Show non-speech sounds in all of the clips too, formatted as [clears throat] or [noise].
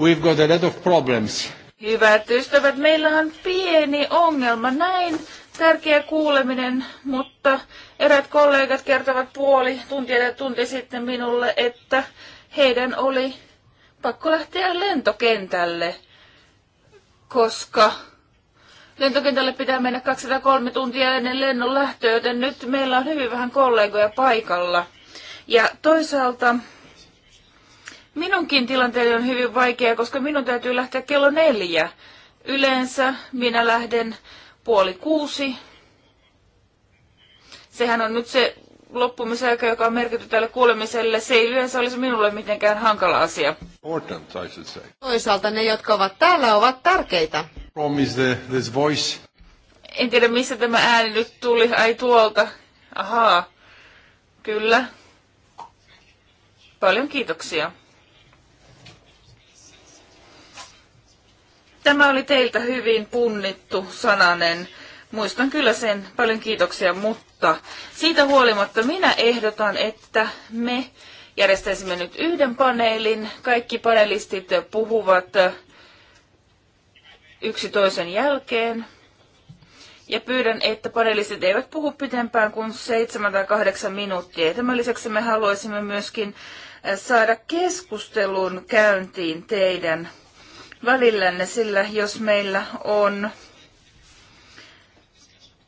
Uh, Hyvät ystävät, meillä on pieni ongelma. Näin tärkeä kuuleminen, mutta erät kollegat kertovat puoli tuntia ja tunti sitten minulle, että heidän oli pakko lähteä lentokentälle, koska lentokentälle pitää mennä 203 tuntia ennen lennon lähtöä, joten nyt meillä on hyvin vähän kollegoja paikalla. Ja toisaalta Minunkin tilanteeni on hyvin vaikea, koska minun täytyy lähteä kello neljä. Yleensä minä lähden puoli kuusi. Sehän on nyt se loppumisaika, joka on merkitty tälle kuulemiselle, se ei yleensä olisi minulle mitenkään hankala asia. Toisaalta ne, jotka ovat täällä, ovat tärkeitä. En tiedä, missä tämä ääni nyt tuli. Ai tuolta. Ahaa. Kyllä. Paljon kiitoksia. Tämä oli teiltä hyvin punnittu sananen. Muistan kyllä sen, paljon kiitoksia, mutta siitä huolimatta minä ehdotan, että me järjestäisimme nyt yhden paneelin. Kaikki panelistit puhuvat yksi toisen jälkeen. Ja pyydän, että panelistit eivät puhu pitempään kuin 7 tai 8 minuuttia. Tämän lisäksi me haluaisimme myöskin saada keskustelun käyntiin teidän välillänne, sillä jos meillä on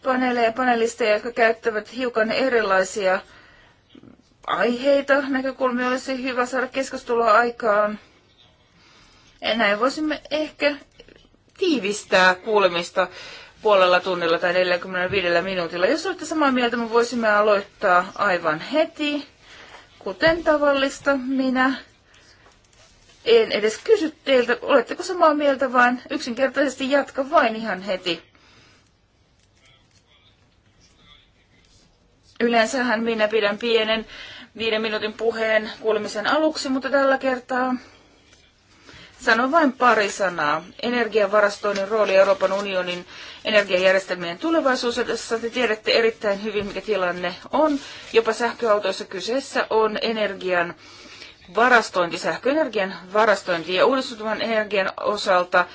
paneeleja panelisteja, jotka käyttävät hiukan erilaisia aiheita, näkökulmia olisi hyvä saada keskustelua aikaan. Ja näin voisimme ehkä tiivistää kuulemista puolella tunnilla tai 45 minuutilla. Jos olette samaa mieltä, me voisimme aloittaa aivan heti. Kuten tavallista, minä en edes kysy teiltä, oletteko samaa mieltä, vaan yksinkertaisesti jatka vain ihan heti. Yleensähän minä pidän pienen viiden minuutin puheen kuulemisen aluksi, mutta tällä kertaa sanon vain pari sanaa. Energiavarastoinnin rooli Euroopan unionin energiajärjestelmien tulevaisuudessa. Te tiedätte erittäin hyvin, mikä tilanne on. Jopa sähköautoissa kyseessä on energian varastointi, sähköenergian varastointi ja uudistuvan energian osalta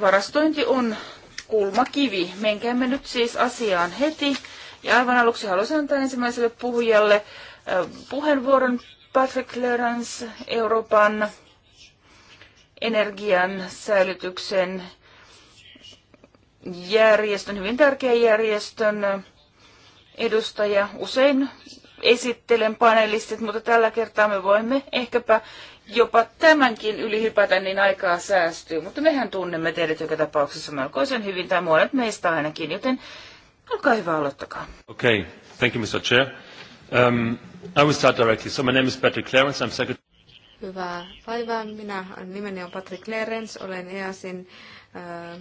varastointi on kulmakivi. Menkäämme nyt siis asiaan heti. Ja aivan aluksi haluaisin antaa ensimmäiselle puhujalle äh, puheenvuoron Patrick Lerans Euroopan energian säilytyksen järjestön, hyvin tärkeän järjestön edustaja. Usein esittelen panelistit, mutta tällä kertaa me voimme ehkäpä jopa tämänkin yli hypätä, niin aikaa säästyy. Mutta mehän tunnemme teidät joka tapauksessa melkoisen hyvin, tai monet meistä ainakin, joten olkaa hyvä, aloittakaa. okay. thank you Mr. Chair. Um, I will start directly. So my name is Patrick Clarence, I'm secretary. Hyvää päivää. Minä, nimeni on Patrick Clarence, olen EASin äh,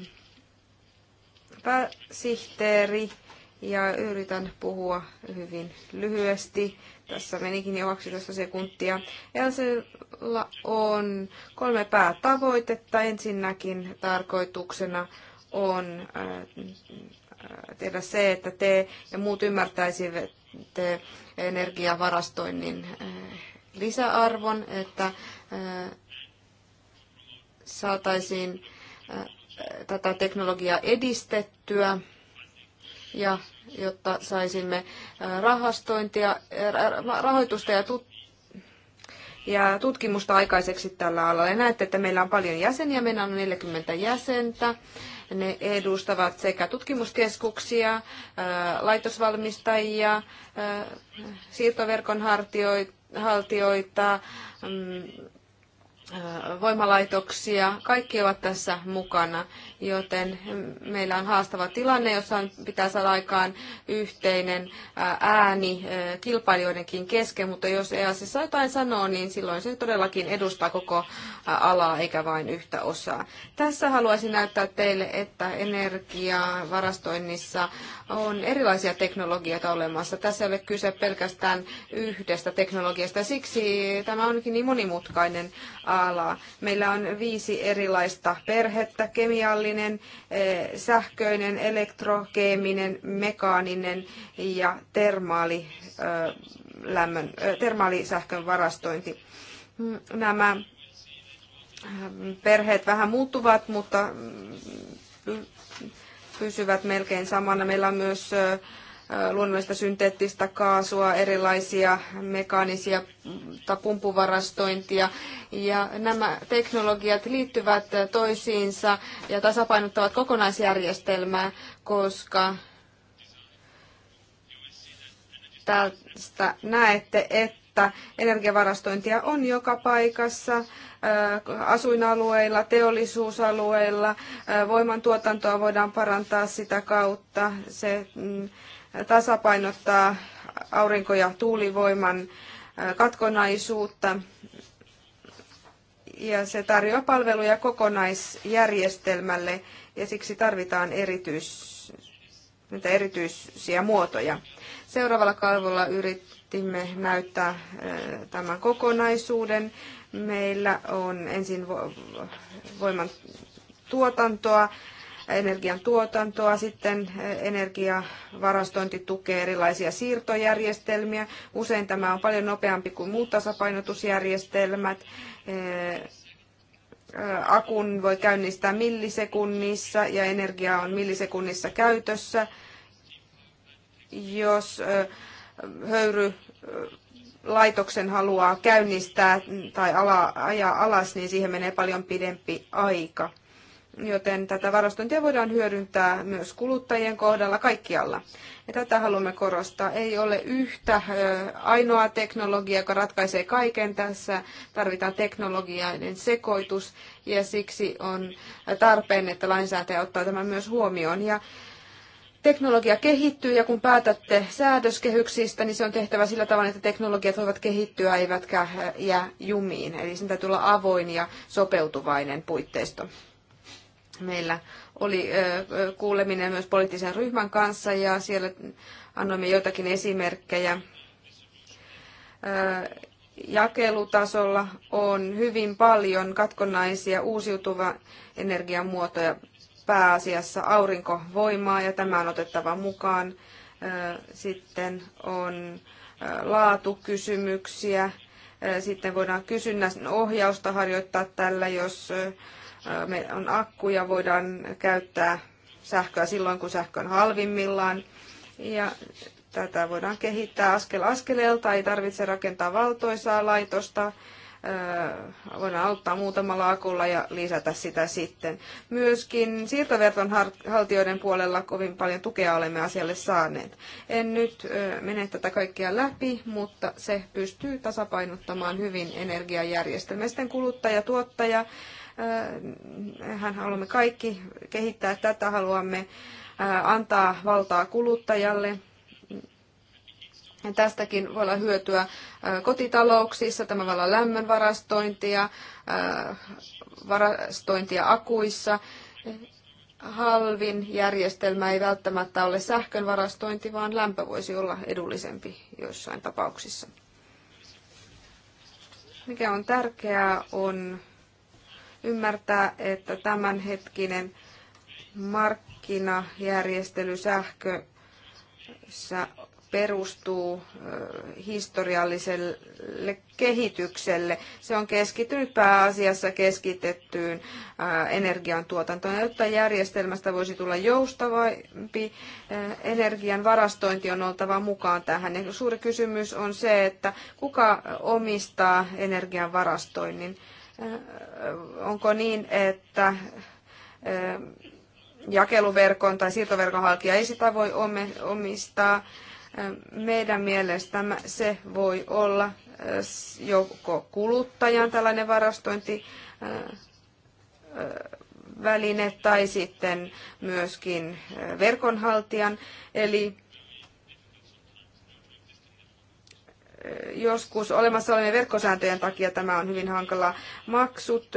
pääsihteeri ja yritän puhua hyvin lyhyesti. Tässä menikin jo 12 sekuntia. Elsella on kolme päätavoitetta. Ensinnäkin tarkoituksena on äh, tehdä se, että te ja muut ymmärtäisivät energiavarastoinnin äh, lisäarvon, että äh, saataisiin tätä teknologiaa edistettyä ja jotta saisimme rahastointia, rahoitusta ja tutkimusta ja tutkimusta aikaiseksi tällä alalla. Ja näette, että meillä on paljon jäseniä, meillä on 40 jäsentä. Ne edustavat sekä tutkimuskeskuksia, laitosvalmistajia, siirtoverkon haltioita, mm, voimalaitoksia. Kaikki ovat tässä mukana, joten meillä on haastava tilanne, jossa pitää saada aikaan yhteinen ääni kilpailijoidenkin kesken, mutta jos EASissa jotain sanoo, niin silloin se todellakin edustaa koko alaa eikä vain yhtä osaa. Tässä haluaisin näyttää teille, että energiavarastoinnissa on erilaisia teknologioita olemassa. Tässä ei ole kyse pelkästään yhdestä teknologiasta. Siksi tämä onkin niin monimutkainen skaalaa. Meillä on viisi erilaista perhettä, kemiallinen, eh, sähköinen, elektrokeeminen, mekaaninen ja termaali, eh, lämmön, eh, termaalisähkön varastointi. Mm, nämä perheet vähän muuttuvat, mutta mm, pysyvät melkein samana. Meillä on myös Äh, luonnollista synteettistä kaasua, erilaisia mekaanisia tai pumpuvarastointia. Ja nämä teknologiat liittyvät toisiinsa ja tasapainottavat kokonaisjärjestelmää, koska tästä näette, että energiavarastointia on joka paikassa äh, asuinalueilla, teollisuusalueilla, äh, voimantuotantoa voidaan parantaa sitä kautta, se mm, tasapainottaa aurinko- ja tuulivoiman katkonaisuutta ja se tarjoaa palveluja kokonaisjärjestelmälle ja siksi tarvitaan erityis, erityisiä muotoja. Seuraavalla kalvolla yritimme näyttää tämän kokonaisuuden. Meillä on ensin voiman tuotantoa, energian tuotantoa, sitten eh, energiavarastointi tukee erilaisia siirtojärjestelmiä. Usein tämä on paljon nopeampi kuin muut tasapainotusjärjestelmät. Eh, eh, akun voi käynnistää millisekunnissa ja energia on millisekunnissa käytössä. Jos höyry laitoksen haluaa käynnistää tai ala, ajaa alas, niin siihen menee paljon pidempi aika joten tätä varastointia voidaan hyödyntää myös kuluttajien kohdalla kaikkialla. Ja tätä haluamme korostaa. Ei ole yhtä ainoa teknologia, joka ratkaisee kaiken tässä. Tarvitaan teknologiainen sekoitus ja siksi on tarpeen, että lainsäätäjä ottaa tämän myös huomioon. Ja teknologia kehittyy ja kun päätätte säädöskehyksistä, niin se on tehtävä sillä tavalla, että teknologiat voivat kehittyä eivätkä jää jumiin. Eli sen täytyy olla avoin ja sopeutuvainen puitteisto. Meillä oli kuuleminen myös poliittisen ryhmän kanssa ja siellä annoimme joitakin esimerkkejä. Jakelutasolla on hyvin paljon katkonaisia uusiutuva energiamuotoja, pääasiassa aurinkovoimaa ja tämä on otettava mukaan. Sitten on laatukysymyksiä. Sitten voidaan kysynnän ohjausta harjoittaa tällä, jos me on akkuja, voidaan käyttää sähköä silloin, kun sähkö on halvimmillaan. Ja tätä voidaan kehittää askel askeleelta, ei tarvitse rakentaa valtoisaa laitosta. Voidaan auttaa muutamalla akulla ja lisätä sitä sitten. Myöskin siirtoverton haltijoiden puolella kovin paljon tukea olemme asialle saaneet. En nyt mene tätä kaikkea läpi, mutta se pystyy tasapainottamaan hyvin energiajärjestelmää. Sitten Ja tuottaja, hän haluamme kaikki kehittää tätä, haluamme antaa valtaa kuluttajalle. Tästäkin voi olla hyötyä kotitalouksissa, tämä voi olla lämmön varastointia, varastointia akuissa. Halvin järjestelmä ei välttämättä ole sähkön varastointi, vaan lämpö voisi olla edullisempi joissain tapauksissa. Mikä on tärkeää on ymmärtää, että tämänhetkinen markkinajärjestely sähkössä perustuu historialliselle kehitykselle. Se on keskittynyt pääasiassa keskitettyyn energiantuotantoon, jotta järjestelmästä voisi tulla joustavampi. Energian varastointi on oltava mukaan tähän. Ja suuri kysymys on se, että kuka omistaa energian varastoinnin. Onko niin, että jakeluverkon tai siirtoverkon haltija ei sitä voi omistaa? Meidän mielestämme se voi olla joko kuluttajan tällainen varastointi väline tai sitten myöskin verkonhaltijan. Eli joskus olemassa olevien verkkosääntöjen takia tämä on hyvin hankala. Maksut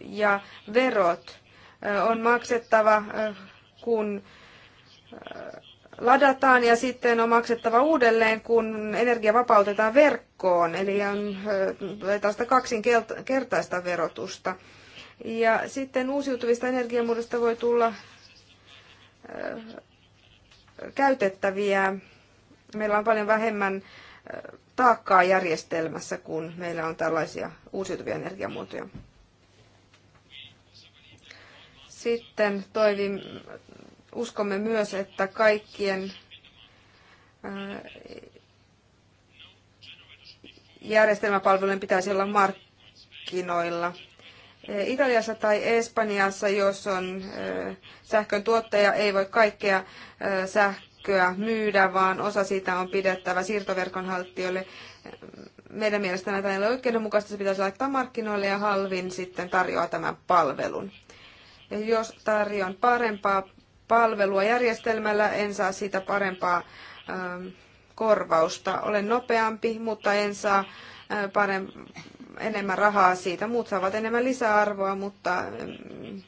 ja verot on maksettava, kun ladataan ja sitten on maksettava uudelleen, kun energia vapautetaan verkkoon. Eli on tällaista kaksinkertaista verotusta. Ja sitten uusiutuvista energiamuodosta voi tulla käytettäviä. Meillä on paljon vähemmän taakkaa järjestelmässä, kun meillä on tällaisia uusiutuvia energiamuotoja. Sitten toivin, uskomme myös, että kaikkien äh, järjestelmäpalvelujen pitäisi olla markkinoilla. Äh, Italiassa tai Espanjassa, jos on äh, sähkön tuottaja, ei voi kaikkea sähköä sähköä myydä, vaan osa siitä on pidettävä siirtoverkon haltijoille. Meidän mielestä näitä ei ole oikeudenmukaista, se pitäisi laittaa markkinoille ja halvin sitten tarjoaa tämän palvelun. Ja jos tarjoan parempaa palvelua järjestelmällä, en saa siitä parempaa ähm, korvausta. Olen nopeampi, mutta en saa äh, parem- enemmän rahaa siitä. Muut saavat enemmän lisäarvoa, mutta ähm,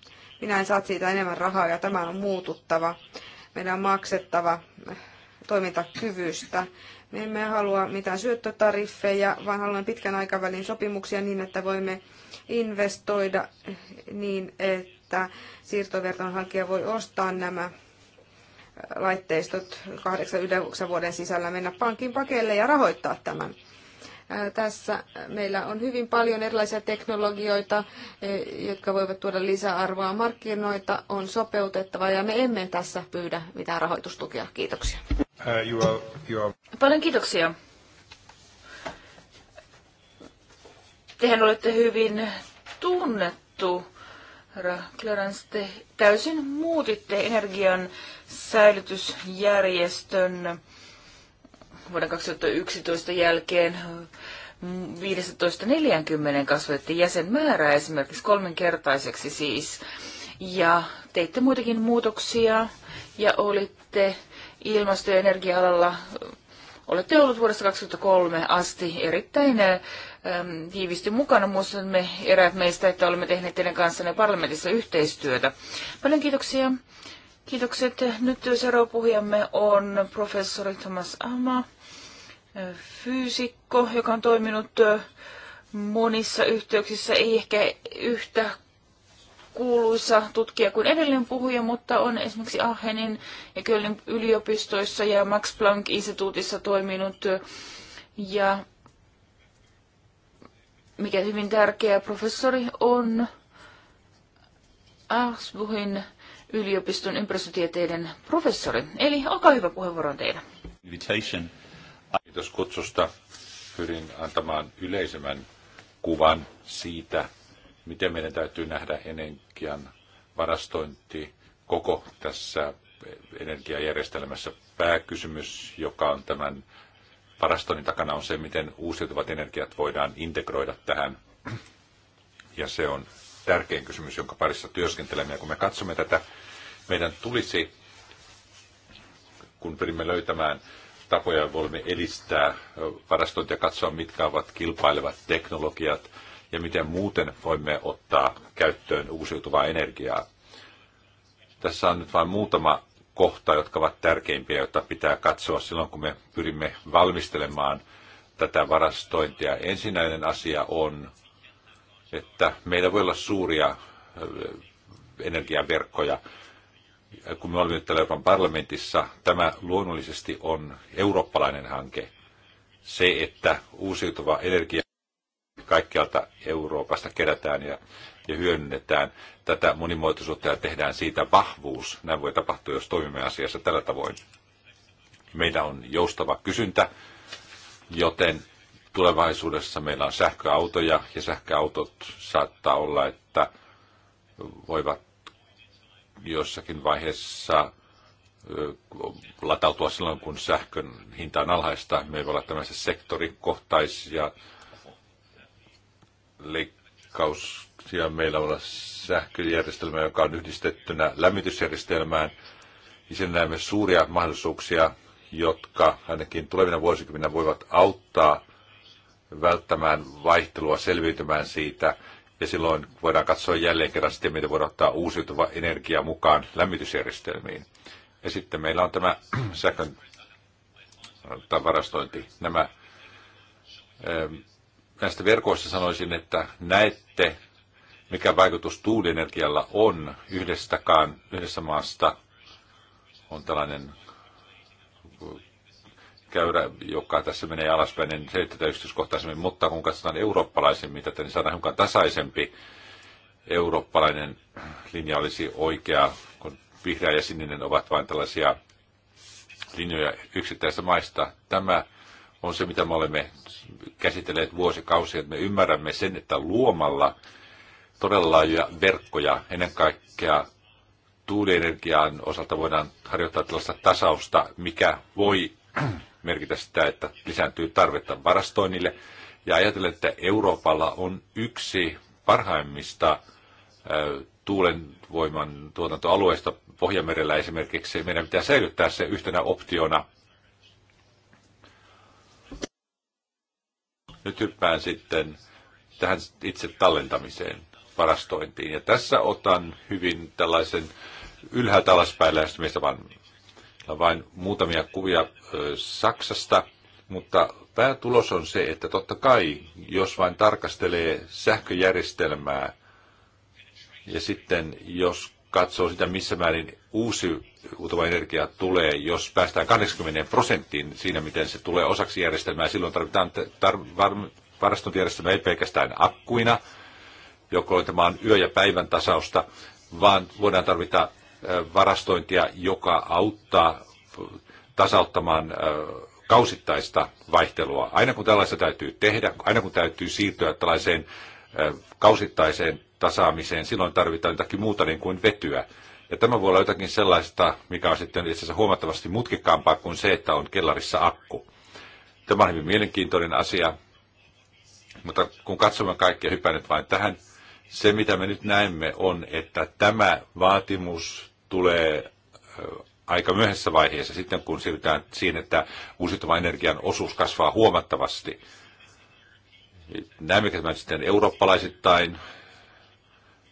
minä en saa siitä enemmän rahaa ja tämä on muututtava meidän on maksettava toimintakyvystä. Me emme halua mitään syöttötariffeja, vaan haluamme pitkän aikavälin sopimuksia niin, että voimme investoida niin, että siirtoverton hankkija voi ostaa nämä laitteistot 8-9 vuoden sisällä, mennä pankin pakeille ja rahoittaa tämän. Tässä meillä on hyvin paljon erilaisia teknologioita, jotka voivat tuoda lisäarvoa markkinoita, on sopeutettava ja me emme tässä pyydä mitään rahoitustukea. Kiitoksia. Uh, you are, you are. Paljon kiitoksia. Tehän olette hyvin tunnettu, herra Clarence. Te täysin muutitte energian säilytysjärjestön vuoden 2011 jälkeen 15-40 kasvetti jäsenmäärää esimerkiksi kolminkertaiseksi siis. Ja teitte muitakin muutoksia ja olitte ilmasto- ja energia-alalla, olette ollut vuodesta 2003 asti erittäin tiivisti mukana. Muistamme eräät meistä, että olemme tehneet teidän kanssanne parlamentissa yhteistyötä. Paljon kiitoksia Kiitokset. Nyt seuraava puhujamme on professori Thomas Ama, fyysikko, joka on toiminut monissa yhteyksissä, ei ehkä yhtä kuuluisa tutkija kuin edellinen puhuja, mutta on esimerkiksi Aachenin ja Kölnin yliopistoissa ja Max Planck-instituutissa toiminut ja mikä hyvin tärkeä professori on Augsburgin yliopiston ympäristötieteiden professori. Eli olkaa hyvä puheenvuoro teidän. Invitation. Kiitos kutsusta. Pyrin antamaan yleisemmän kuvan siitä, miten meidän täytyy nähdä energian varastointi koko tässä energiajärjestelmässä. Pääkysymys, joka on tämän varastoinnin takana, on se, miten uusiutuvat energiat voidaan integroida tähän. Ja se on tärkein kysymys, jonka parissa työskentelemme. Ja kun me katsomme tätä, meidän tulisi, kun pyrimme löytämään tapoja, voimme edistää varastointia, katsoa mitkä ovat kilpailevat teknologiat ja miten muuten voimme ottaa käyttöön uusiutuvaa energiaa. Tässä on nyt vain muutama kohta, jotka ovat tärkeimpiä, joita pitää katsoa silloin, kun me pyrimme valmistelemaan tätä varastointia. Ensinnäinen asia on että meillä voi olla suuria energiaverkkoja. Kun me olemme nyt täällä Euroopan parlamentissa, tämä luonnollisesti on eurooppalainen hanke. Se, että uusiutuva energia kaikkialta Euroopasta kerätään ja, ja hyödynnetään tätä monimuotoisuutta ja tehdään siitä vahvuus. Näin voi tapahtua, jos toimimme asiassa tällä tavoin. Meillä on joustava kysyntä, joten tulevaisuudessa meillä on sähköautoja ja sähköautot saattaa olla, että voivat jossakin vaiheessa latautua silloin, kun sähkön hinta on alhaista. Meillä voi olla tämmöisiä sektorikohtaisia leikkauksia. Meillä on sähköjärjestelmä, joka on yhdistettynä lämmitysjärjestelmään. Ja sen näemme suuria mahdollisuuksia, jotka ainakin tulevina vuosikymmeninä voivat auttaa välttämään vaihtelua, selviytymään siitä. Ja silloin voidaan katsoa jälleen kerran sitten, miten voidaan ottaa uusiutuva energia mukaan lämmitysjärjestelmiin. Ja sitten meillä on tämä [clears throat] sähkön varastointi. Nämä, ähm, näistä verkoista sanoisin, että näette, mikä vaikutus tuulienergialla on yhdestäkään, yhdessä maasta on tällainen käyrä, joka tässä menee alaspäin, niin se että yksityiskohtaisemmin, mutta kun katsotaan eurooppalaisen tätä, niin saadaan hiukan tasaisempi eurooppalainen linja olisi oikea, kun vihreä ja sininen ovat vain tällaisia linjoja yksittäisistä maista. Tämä on se, mitä me olemme käsitelleet vuosikausia, että me ymmärrämme sen, että luomalla todella laajoja verkkoja, ennen kaikkea tuulienergian osalta voidaan harjoittaa tällaista tasausta, mikä voi merkitä sitä, että lisääntyy tarvetta varastoinnille. Ja ajatellen, että Euroopalla on yksi parhaimmista tuulenvoiman tuotantoalueista Pohjanmerellä esimerkiksi. Meidän pitää säilyttää se yhtenä optiona. Nyt hyppään sitten tähän itse tallentamiseen, varastointiin. Ja tässä otan hyvin tällaisen ylhäältä alaspäin lähestymistä, vaan vain muutamia kuvia Saksasta, mutta päätulos on se, että totta kai, jos vain tarkastelee sähköjärjestelmää ja sitten jos katsoo sitä, missä määrin uusi uutuva energia tulee, jos päästään 80 prosenttiin siinä, miten se tulee osaksi järjestelmää, silloin tarvitaan tar- var- varastointijärjestelmä ei pelkästään akkuina, joko tämä on yö- ja päivän tasausta, vaan voidaan tarvita varastointia, joka auttaa tasauttamaan kausittaista vaihtelua. Aina kun tällaista täytyy tehdä, aina kun täytyy siirtyä tällaiseen kausittaiseen tasaamiseen, silloin tarvitaan jotakin muuta niin kuin vetyä. Ja tämä voi olla jotakin sellaista, mikä on sitten itse asiassa huomattavasti mutkikkaampaa kuin se, että on kellarissa akku. Tämä on hyvin mielenkiintoinen asia, mutta kun katsomme kaikkia, hypännyt vain tähän, se mitä me nyt näemme on, että tämä vaatimus tulee aika myöhässä vaiheessa, sitten kun siirrytään siihen, että uusiutuvan energian osuus kasvaa huomattavasti. Näemmekö tämän sitten eurooppalaisittain?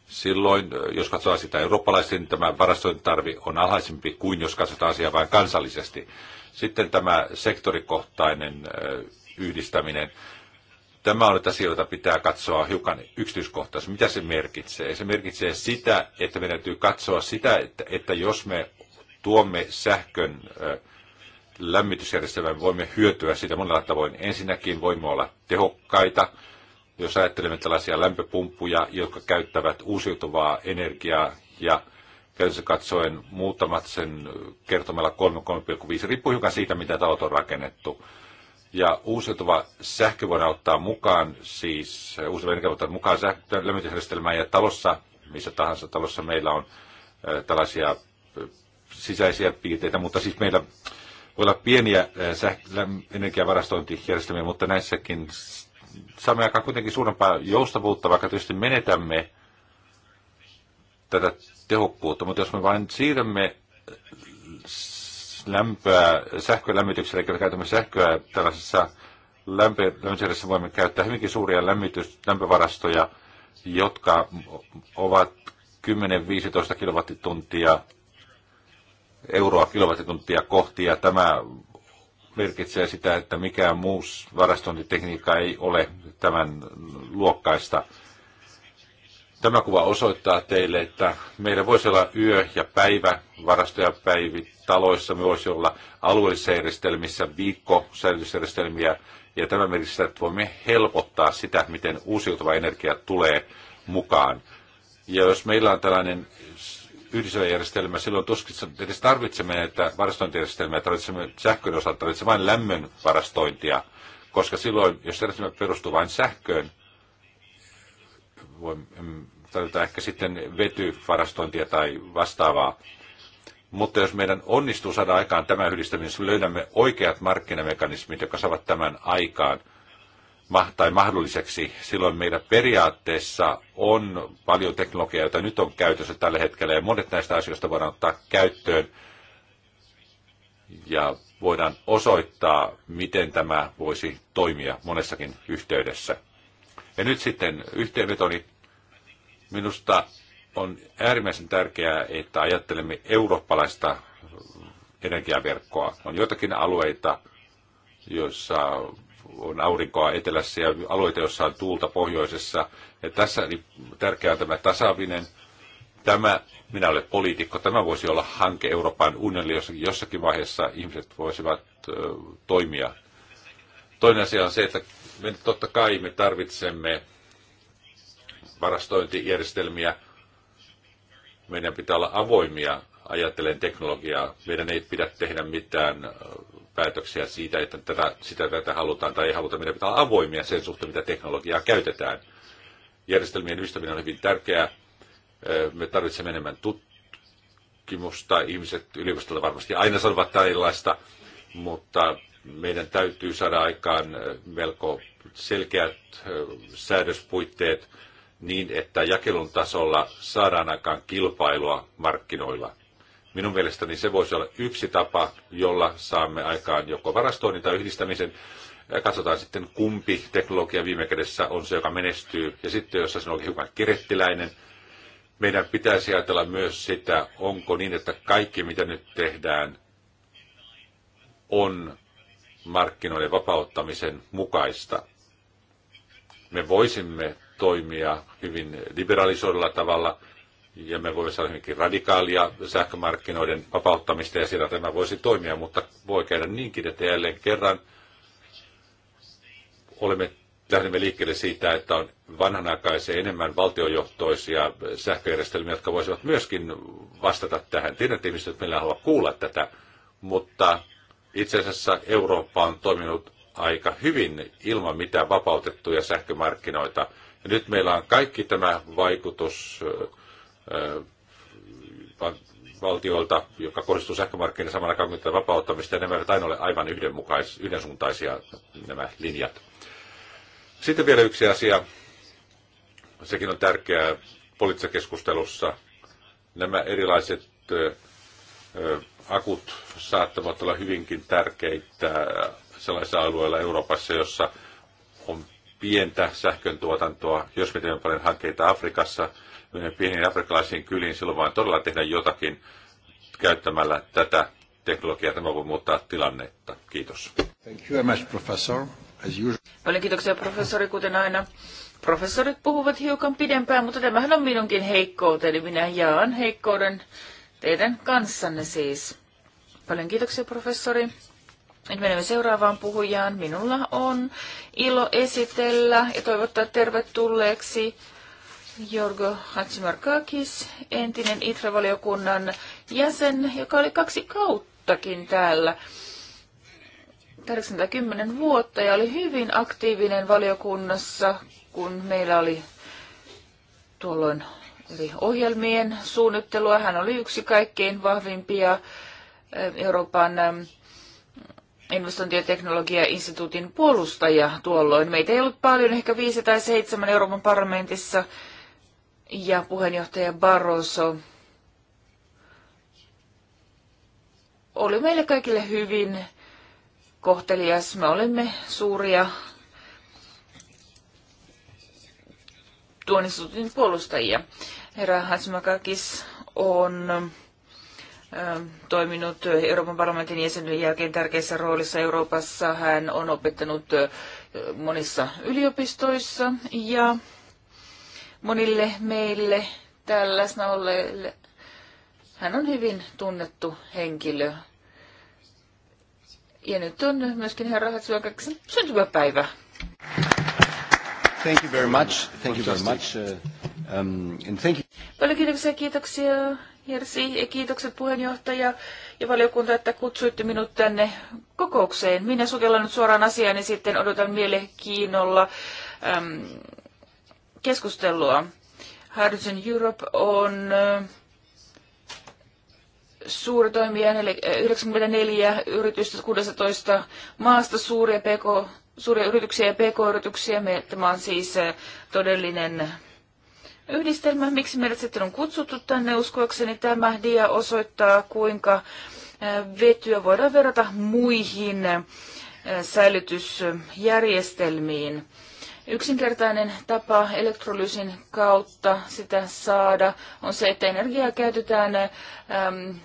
Silloin, jos katsotaan sitä eurooppalaisesti, niin tämä varastointitarvi on alhaisempi kuin jos katsotaan asiaa vain kansallisesti. Sitten tämä sektorikohtainen yhdistäminen. Tämä on nyt asioita, pitää katsoa hiukan yksityiskohtaisesti. Mitä se merkitsee? Se merkitsee sitä, että meidän täytyy katsoa sitä, että, että jos me tuomme sähkön lämmitysjärjestelmään, voimme hyötyä siitä monella tavoin. Ensinnäkin voimme olla tehokkaita, jos ajattelemme tällaisia lämpöpumppuja, jotka käyttävät uusiutuvaa energiaa ja käytännössä katsoen muutamat sen kertomalla 3,5, riippuu hiukan siitä, mitä talot on rakennettu. Ja uusiutuva sähkö voidaan ottaa mukaan, siis uusiutuva energia ottaa mukaan lämmitysjärjestelmään ja talossa, missä tahansa talossa meillä on tällaisia sisäisiä piirteitä, mutta siis meillä voi olla pieniä energiavarastointijärjestelmiä, mutta näissäkin saamme aika kuitenkin suurempaa joustavuutta, vaikka tietysti menetämme tätä tehokkuutta, mutta jos me vain siirrämme lämpöä sähkölämmityksellä, eli käytämme sähköä tällaisessa lämpölämmityksessä voimme käyttää hyvinkin suuria lämmitys, lämpövarastoja, jotka ovat 10-15 kilowattituntia euroa kilowattituntia kohti, ja tämä merkitsee sitä, että mikään muu varastointitekniikka ei ole tämän luokkaista. Tämä kuva osoittaa teille, että meillä voisi olla yö- ja päivä varastoja päivi taloissa, me voisi olla alueellisissa järjestelmissä säilytysjärjestelmiä, ja tämä merkitsee, että voimme helpottaa sitä, miten uusiutuva energia tulee mukaan. Ja jos meillä on tällainen yhdistelmäjärjestelmä, silloin tuskin edes tarvitsemme näitä varastointijärjestelmiä, tarvitsemme sähkön osalta, tarvitsemme vain lämmön varastointia, koska silloin, jos järjestelmä perustuu vain sähköön, voi tarvitaan ehkä sitten vetyvarastointia tai vastaavaa. Mutta jos meidän onnistuu saada aikaan tämä yhdistäminen, niin löydämme oikeat markkinamekanismit, jotka saavat tämän aikaan tai mahdolliseksi, silloin meidän periaatteessa on paljon teknologiaa, jota nyt on käytössä tällä hetkellä, ja monet näistä asioista voidaan ottaa käyttöön, ja voidaan osoittaa, miten tämä voisi toimia monessakin yhteydessä. Ja nyt sitten yhteenvetoni. Minusta on äärimmäisen tärkeää, että ajattelemme eurooppalaista energiaverkkoa. On joitakin alueita, joissa on aurinkoa etelässä ja alueita, joissa on tuulta pohjoisessa. Ja tässä niin tärkeää on tämä tasaaminen. Tämä, minä olen poliitikko, tämä voisi olla hanke Euroopan unionille, jossakin vaiheessa ihmiset voisivat toimia Toinen asia on se, että me totta kai me tarvitsemme varastointijärjestelmiä. Meidän pitää olla avoimia ajatellen teknologiaa. Meidän ei pidä tehdä mitään päätöksiä siitä, että tätä, sitä tätä halutaan tai ei haluta. Meidän pitää olla avoimia sen suhteen, mitä teknologiaa käytetään. Järjestelmien ystäminen on hyvin tärkeää. Me tarvitsemme enemmän tutkimusta. Ihmiset yliopistolla varmasti aina sanovat tällaista, mutta meidän täytyy saada aikaan melko selkeät säädöspuitteet niin, että jakelun tasolla saadaan aikaan kilpailua markkinoilla. Minun mielestäni se voisi olla yksi tapa, jolla saamme aikaan joko varastoinnin tai yhdistämisen. Katsotaan sitten, kumpi teknologia viime kädessä on se, joka menestyy. Ja sitten, jos se on hiukan kirettiläinen, meidän pitäisi ajatella myös sitä, onko niin, että kaikki, mitä nyt tehdään, on markkinoiden vapauttamisen mukaista. Me voisimme toimia hyvin liberalisoidulla tavalla, ja me voimme saada hyvinkin radikaalia sähkömarkkinoiden vapauttamista, ja sillä tämä voisi toimia, mutta voi käydä niinkin, että jälleen kerran olemme lähdemme liikkeelle siitä, että on vanhanaikaisia enemmän valtiojohtoisia sähköjärjestelmiä, jotka voisivat myöskin vastata tähän. Tiedän, että ihmiset meillä haluaa kuulla tätä, mutta itse asiassa Eurooppa on toiminut aika hyvin ilman mitään vapautettuja sähkömarkkinoita. Ja nyt meillä on kaikki tämä vaikutus valtiolta, joka kohdistuu sähkömarkkinoille samana kaupunkien vapauttamista, ja nämä eivät aina ole aivan yhdenmukais, yhdensuuntaisia nämä linjat. Sitten vielä yksi asia, sekin on tärkeää poliittisessa keskustelussa. Nämä erilaiset akut saattavat olla hyvinkin tärkeitä sellaisilla alueilla Euroopassa, jossa on pientä sähkön tuotantoa. Jos me teemme paljon hankkeita Afrikassa, menen pieniin afrikkalaisiin kyliin, silloin vaan todella tehdä jotakin käyttämällä tätä teknologiaa. Tämä voi muuttaa tilannetta. Kiitos. Thank you very much, professor. As usual. Paljon kiitoksia, professori, kuten aina. Professorit puhuvat hiukan pidempään, mutta tämähän on minunkin heikkouteni. Minä jaan heikkouden Teidän kanssanne siis. Paljon kiitoksia, professori. Nyt menemme seuraavaan puhujaan. Minulla on ilo esitellä ja toivottaa tervetulleeksi Jorgo Hatsimarkakis, entinen ITRA-valiokunnan jäsen, joka oli kaksi kauttakin täällä. 80 vuotta ja oli hyvin aktiivinen valiokunnassa, kun meillä oli tuolloin eli ohjelmien suunnittelua. Hän oli yksi kaikkein vahvimpia eh, Euroopan eh, investointi- ja teknologiainstituutin puolustaja tuolloin. Meitä ei ollut paljon, ehkä viisi tai seitsemän Euroopan parlamentissa. Ja puheenjohtaja Barroso oli meille kaikille hyvin kohtelias. Me olemme suuria tuon instituutin puolustajia. Herra Hatsmakakis on toiminut Euroopan parlamentin jäsenyyden jälkeen tärkeässä roolissa Euroopassa. Hän on opettanut monissa yliopistoissa ja monille meille täällä läsnä olleille. Hän on hyvin tunnettu henkilö. Ja nyt on myöskin herra Hatsuakaksen syntymäpäivä. Thank you very much. Thank you very much. Uh, um, and thank you. Paljon kiitoksia, kiitoksia Jersi ja kiitokset puheenjohtaja ja valiokunta, että kutsuitte minut tänne kokoukseen. Minä sukellan nyt suoraan asiaan ja sitten odotan mielenkiinnolla äm, keskustelua. Hydrogen Europe on äh, suuri toimija, 94 äh, yritystä 16 maasta, suuria pk suuria yrityksiä ja pk-yrityksiä. Tämä on siis eh, todellinen yhdistelmä. Miksi meidät sitten on kutsuttu tänne? Uskoakseni tämä dia osoittaa, kuinka eh, vetyä voidaan verrata muihin eh, säilytysjärjestelmiin. Yksinkertainen tapa elektrolyysin kautta sitä saada on se, että energiaa käytetään äm, ehm,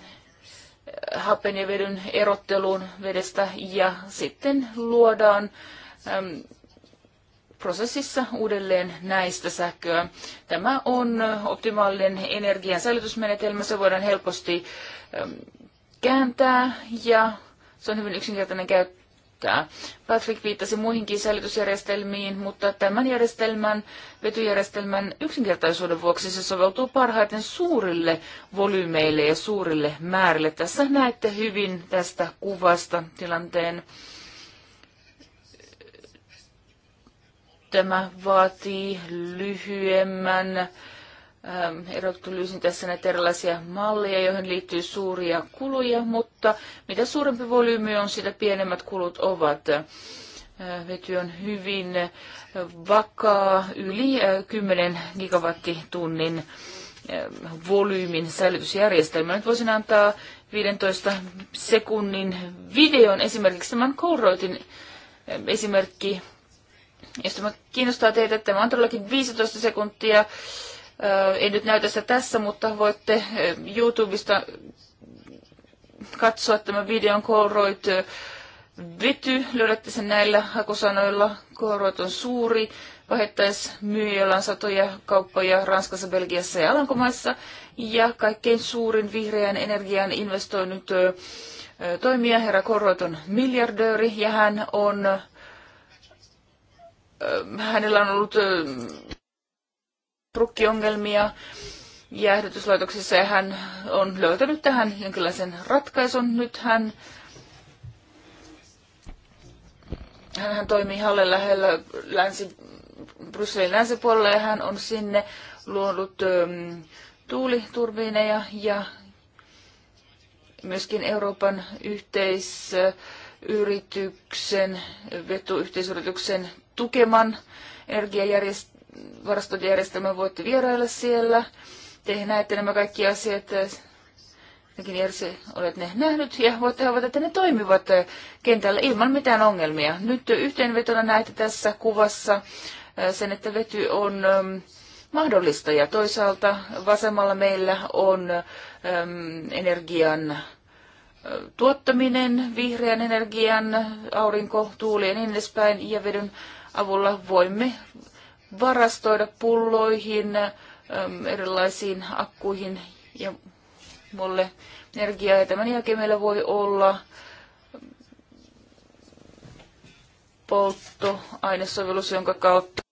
happen ja vedyn erotteluun vedestä ja sitten luodaan äh, äm, prosessissa uudelleen näistä sähköä. Tämä on optimaalinen energian säilytysmenetelmä. Se voidaan helposti kääntää ja se on hyvin yksinkertainen käyttää. Patrick viittasi muihinkin säilytysjärjestelmiin, mutta tämän järjestelmän, vetyjärjestelmän yksinkertaisuuden vuoksi se soveltuu parhaiten suurille volyymeille ja suurille määrille. Tässä näette hyvin tästä kuvasta tilanteen. Tämä vaatii lyhyemmän ähm, erottolyysin tässä näitä erilaisia malleja, joihin liittyy suuria kuluja, mutta mitä suurempi volyymi on, sitä pienemmät kulut ovat. Äh, vety on hyvin vakaa, yli 10 äh, gigawattitunnin äh, volyymin säilytysjärjestelmä. Nyt voisin antaa 15 sekunnin videon esimerkiksi tämän Colroitin esimerkki jos tämä kiinnostaa teitä, tämä on todellakin 15 sekuntia. En nyt näytä sitä tässä, mutta voitte YouTubesta katsoa tämän videon Colroyd Vety. Löydätte sen näillä hakusanoilla. Colroyd on suuri. Vähittäismyyjällä on satoja kauppoja Ranskassa, Belgiassa ja Alankomaissa. Ja kaikkein suurin vihreän energian investoinut toimija, herra Colroyd on miljardööri ja hän on hänellä on ollut rukkiongelmia jäähdytyslaitoksessa ja hän on löytänyt tähän jonkinlaisen ratkaisun. Nyt hän, hän toimii Hallen lähellä länsi, Brysselin länsipuolella ja hän on sinne luonut tuuliturbiineja ja myöskin Euroopan yhteisyrityksen, vetuyhteisyrityksen tukeman energiavarastointijärjestelmän. Voitte vierailla siellä. Te näette nämä kaikki asiat. Äh, nekin Jersi, olet ne nähnyt ja voitte havaita, että ne toimivat äh, kentällä ilman mitään ongelmia. Nyt yhteenvetona näette tässä kuvassa äh, sen, että vety on ähm, mahdollista ja toisaalta vasemmalla meillä on ähm, energian tuottaminen, vihreän energian, aurinko, tuuli ja niin edespäin ja vedyn avulla voimme varastoida pulloihin, erilaisiin akkuihin ja mulle energiaa. Ja tämän jälkeen meillä voi olla polttoainesovellus, jonka kautta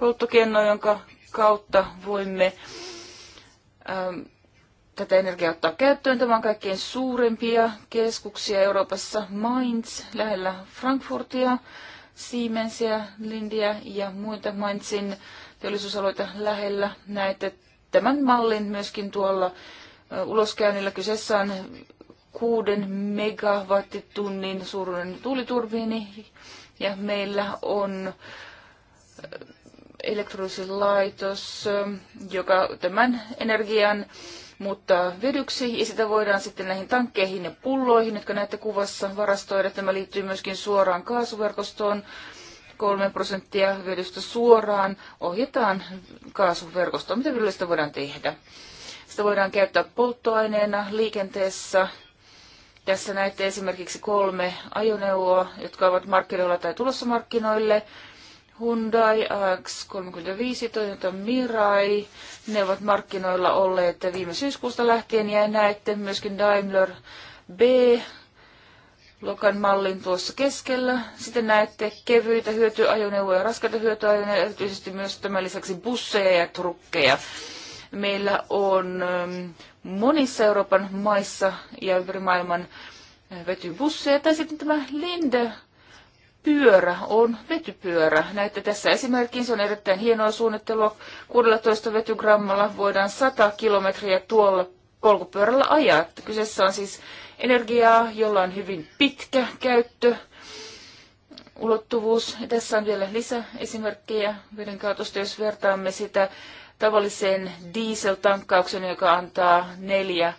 polttokenno, jonka kautta voimme tätä energiaa ottaa käyttöön. Tämä on kaikkein suurimpia keskuksia Euroopassa. Mainz lähellä Frankfurtia, Siemensia, Lindia ja muita Mainzin teollisuusalueita lähellä. Näette tämän mallin myöskin tuolla uloskäynnillä. Kyseessä on kuuden megawattitunnin suuruinen tuuliturbiini ja meillä on elektrolyysilaitos, joka tämän energian mutta vedyksi ja sitä voidaan sitten näihin tankkeihin ja pulloihin, jotka näette kuvassa varastoida. Tämä liittyy myöskin suoraan kaasuverkostoon. 3 prosenttia vedystä suoraan ohjataan kaasuverkostoon. Mitä vedystä voidaan tehdä? Sitä voidaan käyttää polttoaineena liikenteessä. Tässä näette esimerkiksi kolme ajoneuvoa, jotka ovat markkinoilla tai tulossa markkinoille. Hyundai AX35, Toyota Mirai, ne ovat markkinoilla olleet viime syyskuusta lähtien ja näette myöskin Daimler B Lokan mallin tuossa keskellä. Sitten näette kevyitä hyötyajoneuvoja ja raskaita hyötyajoneuvoja, erityisesti myös tämän lisäksi busseja ja trukkeja. Meillä on ähm, monissa Euroopan maissa ja ympäri maailman äh, vetybusseja, tai sitten tämä Linde pyörä on vetypyörä. Näette tässä esimerkkiin, se on erittäin hienoa suunnittelua. 16 vetygrammalla voidaan 100 kilometriä tuolla polkupyörällä ajaa. Kyseessä on siis energiaa, jolla on hyvin pitkä käyttö, ulottuvuus. Ja tässä on vielä lisäesimerkkejä vedenkaatosta, jos vertaamme sitä tavalliseen dieseltankkauksen, joka antaa neljä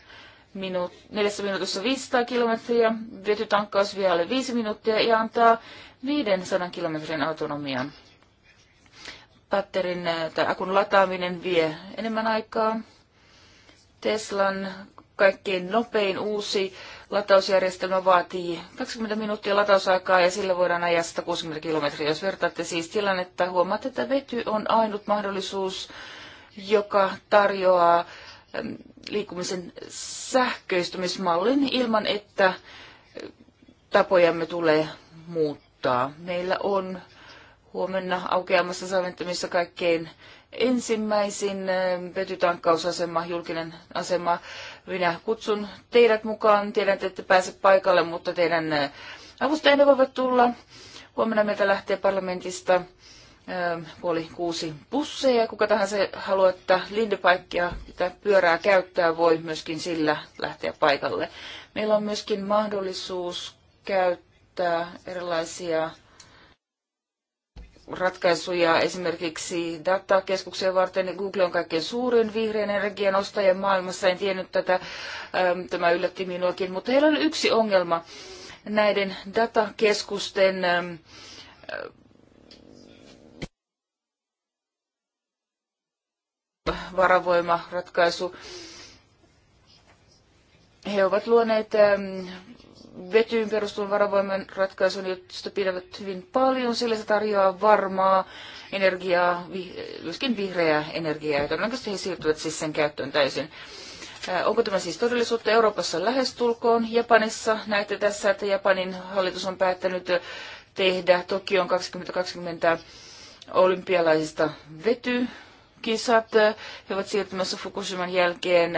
minuut, neljässä minuutissa 500 kilometriä, vetytankkaus vielä alle 5 minuuttia ja antaa 500 kilometrin autonomian. Patterin eh, tai akun lataaminen vie enemmän aikaa. Teslan kaikkein nopein uusi latausjärjestelmä vaatii 20 minuuttia latausaikaa ja sillä voidaan ajaa 160 kilometriä. Jos vertaatte siis tilannetta, huomaatte, että vety on ainut mahdollisuus, joka tarjoaa liikkumisen sähköistymismallin ilman, että tapojamme tulee muuttaa muuttaa. Meillä on huomenna aukeamassa saventamissa kaikkein ensimmäisin vetytankkausasema, ähm, julkinen asema. Minä kutsun teidät mukaan. Tiedän, että ette pääse paikalle, mutta teidän äh, avustajanne voivat tulla. Huomenna meiltä lähtee parlamentista ähm, puoli kuusi busseja. Kuka tahansa haluaa, että lindepaikkia tätä pyörää käyttää, voi myöskin sillä lähteä paikalle. Meillä on myöskin mahdollisuus käyttää käyttää erilaisia ratkaisuja esimerkiksi datakeskuksia varten. Google on kaikkein suurin vihreän energian ostaja maailmassa. En tiennyt tätä, ähm, tämä yllätti minuakin, mutta heillä on yksi ongelma näiden datakeskusten ähm, äh, varavoimaratkaisu. He ovat luoneet ähm, vetyyn perustuvan varavoiman ratkaisun, josta pidävät hyvin paljon, sillä se tarjoaa varmaa energiaa, myöskin vihreää energiaa, ja todennäköisesti he siirtyvät siis sen käyttöön täysin. Äh, onko tämä siis todellisuutta Euroopassa lähestulkoon? Japanissa näette tässä, että Japanin hallitus on päättänyt tehdä Tokion 2020 olympialaisista vetykisat. He ovat siirtymässä Fukushiman jälkeen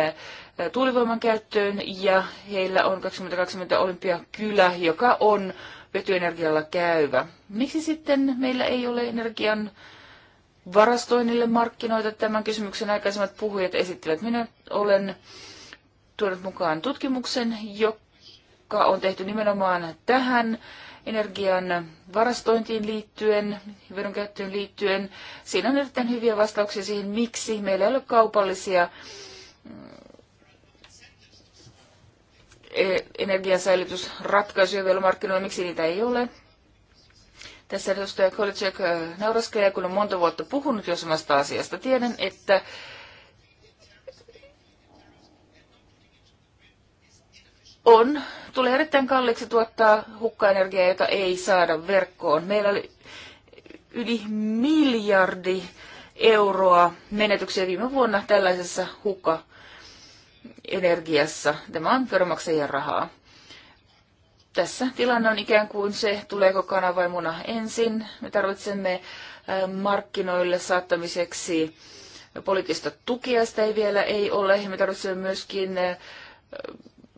tuulivoiman käyttöön ja heillä on 2020 olympiakylä, joka on vetyenergialla käyvä. Miksi sitten meillä ei ole energian varastoinnille markkinoita? Tämän kysymyksen aikaisemmat puhujat esittivät. Minä olen tuonut mukaan tutkimuksen, joka on tehty nimenomaan tähän energian varastointiin liittyen, vedon käyttöön liittyen. Siinä on erittäin hyviä vastauksia siihen, miksi meillä ei ole kaupallisia E, energiansäilytysratkaisuja vielä markkinoilla, miksi niitä ei ole. Tässä edustaja Kolicek e, nauraskelee, kun on monta vuotta puhunut jo samasta asiasta. Tiedän, että on. Tulee erittäin kalliiksi tuottaa hukkaenergiaa, jota ei saada verkkoon. Meillä oli yli miljardi euroa menetyksiä viime vuonna tällaisessa hukka energiassa. Tämä on veronmaksajien rahaa. Tässä tilanne on ikään kuin se, tuleeko kana vai muna ensin. Me tarvitsemme äh, markkinoille saattamiseksi poliittista tukea, sitä ei vielä ei ole. Me tarvitsemme myöskin äh,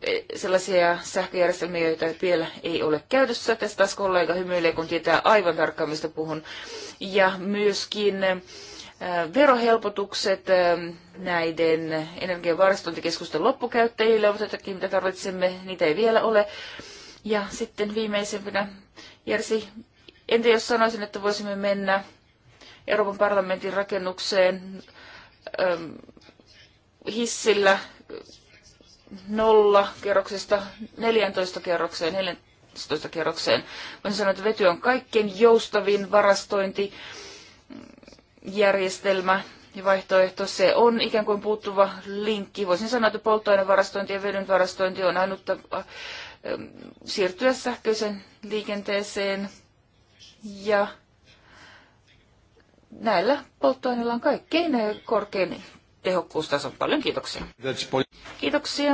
e, sellaisia sähköjärjestelmiä, joita vielä ei ole käytössä. Tässä taas kollega hymyilee, kun tietää aivan tarkkaan, mistä puhun. Ja myöskin äh, verohelpotukset näiden energiavarastointikeskusten loppukäyttäjille ovat jotakin, mitä tarvitsemme. Niitä ei vielä ole. Ja sitten viimeisempänä, Jersi, entä jos sanoisin, että voisimme mennä Euroopan parlamentin rakennukseen hissillä nolla kerroksesta 14 kerrokseen, 14 kerrokseen. Voisin sanoa, että vety on kaikkein joustavin varastointi järjestelmä ja vaihtoehto, se on ikään kuin puuttuva linkki. Voisin sanoa, että polttoainevarastointi ja vedyn varastointi on ainut ähm, siirtyä sähköisen liikenteeseen. Ja näillä polttoaineilla on kaikkein korkein tehokkuustaso. Paljon kiitoksia. Kiitoksia.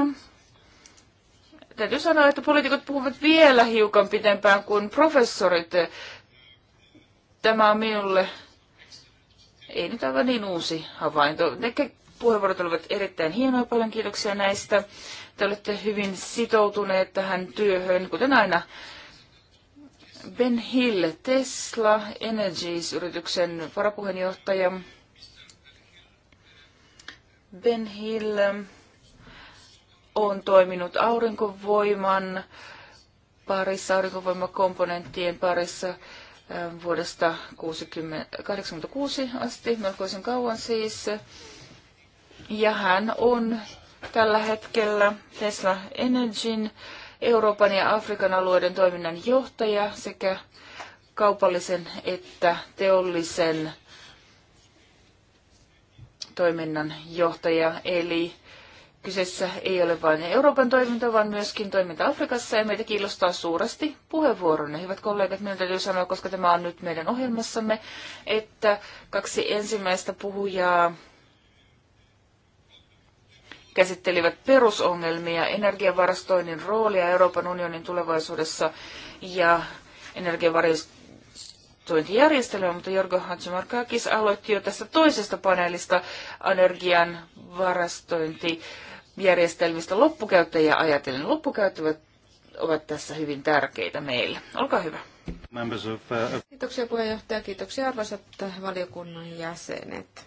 Täytyy sanoa, että poliitikot puhuvat vielä hiukan pitempään kuin professorit. Tämä on minulle ei nyt aivan niin uusi havainto. Ne puheenvuorot olivat erittäin hienoja, paljon kiitoksia näistä. Te olette hyvin sitoutuneet tähän työhön, kuten aina. Ben Hill, Tesla Energies-yrityksen varapuheenjohtaja. Ben Hill on toiminut aurinkovoiman parissa, aurinkovoimakomponenttien parissa vuodesta 1986 asti, melkoisen kauan siis. Ja hän on tällä hetkellä Tesla Energyn Euroopan ja Afrikan alueiden toiminnan johtaja sekä kaupallisen että teollisen toiminnan johtaja, eli Kyseessä ei ole vain Euroopan toiminta, vaan myöskin toiminta Afrikassa ja meitä kiinnostaa suuresti puheenvuoronne. Hyvät kollegat, minun täytyy sanoa, koska tämä on nyt meidän ohjelmassamme, että kaksi ensimmäistä puhujaa käsittelivät perusongelmia, energiavarastoinnin roolia Euroopan unionin tulevaisuudessa ja energiavarastointijärjestelmää, mutta Jorgo Hatsimarkakis aloitti jo tästä toisesta paneelista energian varastointi järjestelmistä loppukäyttäjiä ajatellen. Loppukäyttäjät ovat tässä hyvin tärkeitä meille. Olkaa hyvä. Uh, kiitoksia puheenjohtaja, kiitoksia arvoisat valiokunnan jäsenet.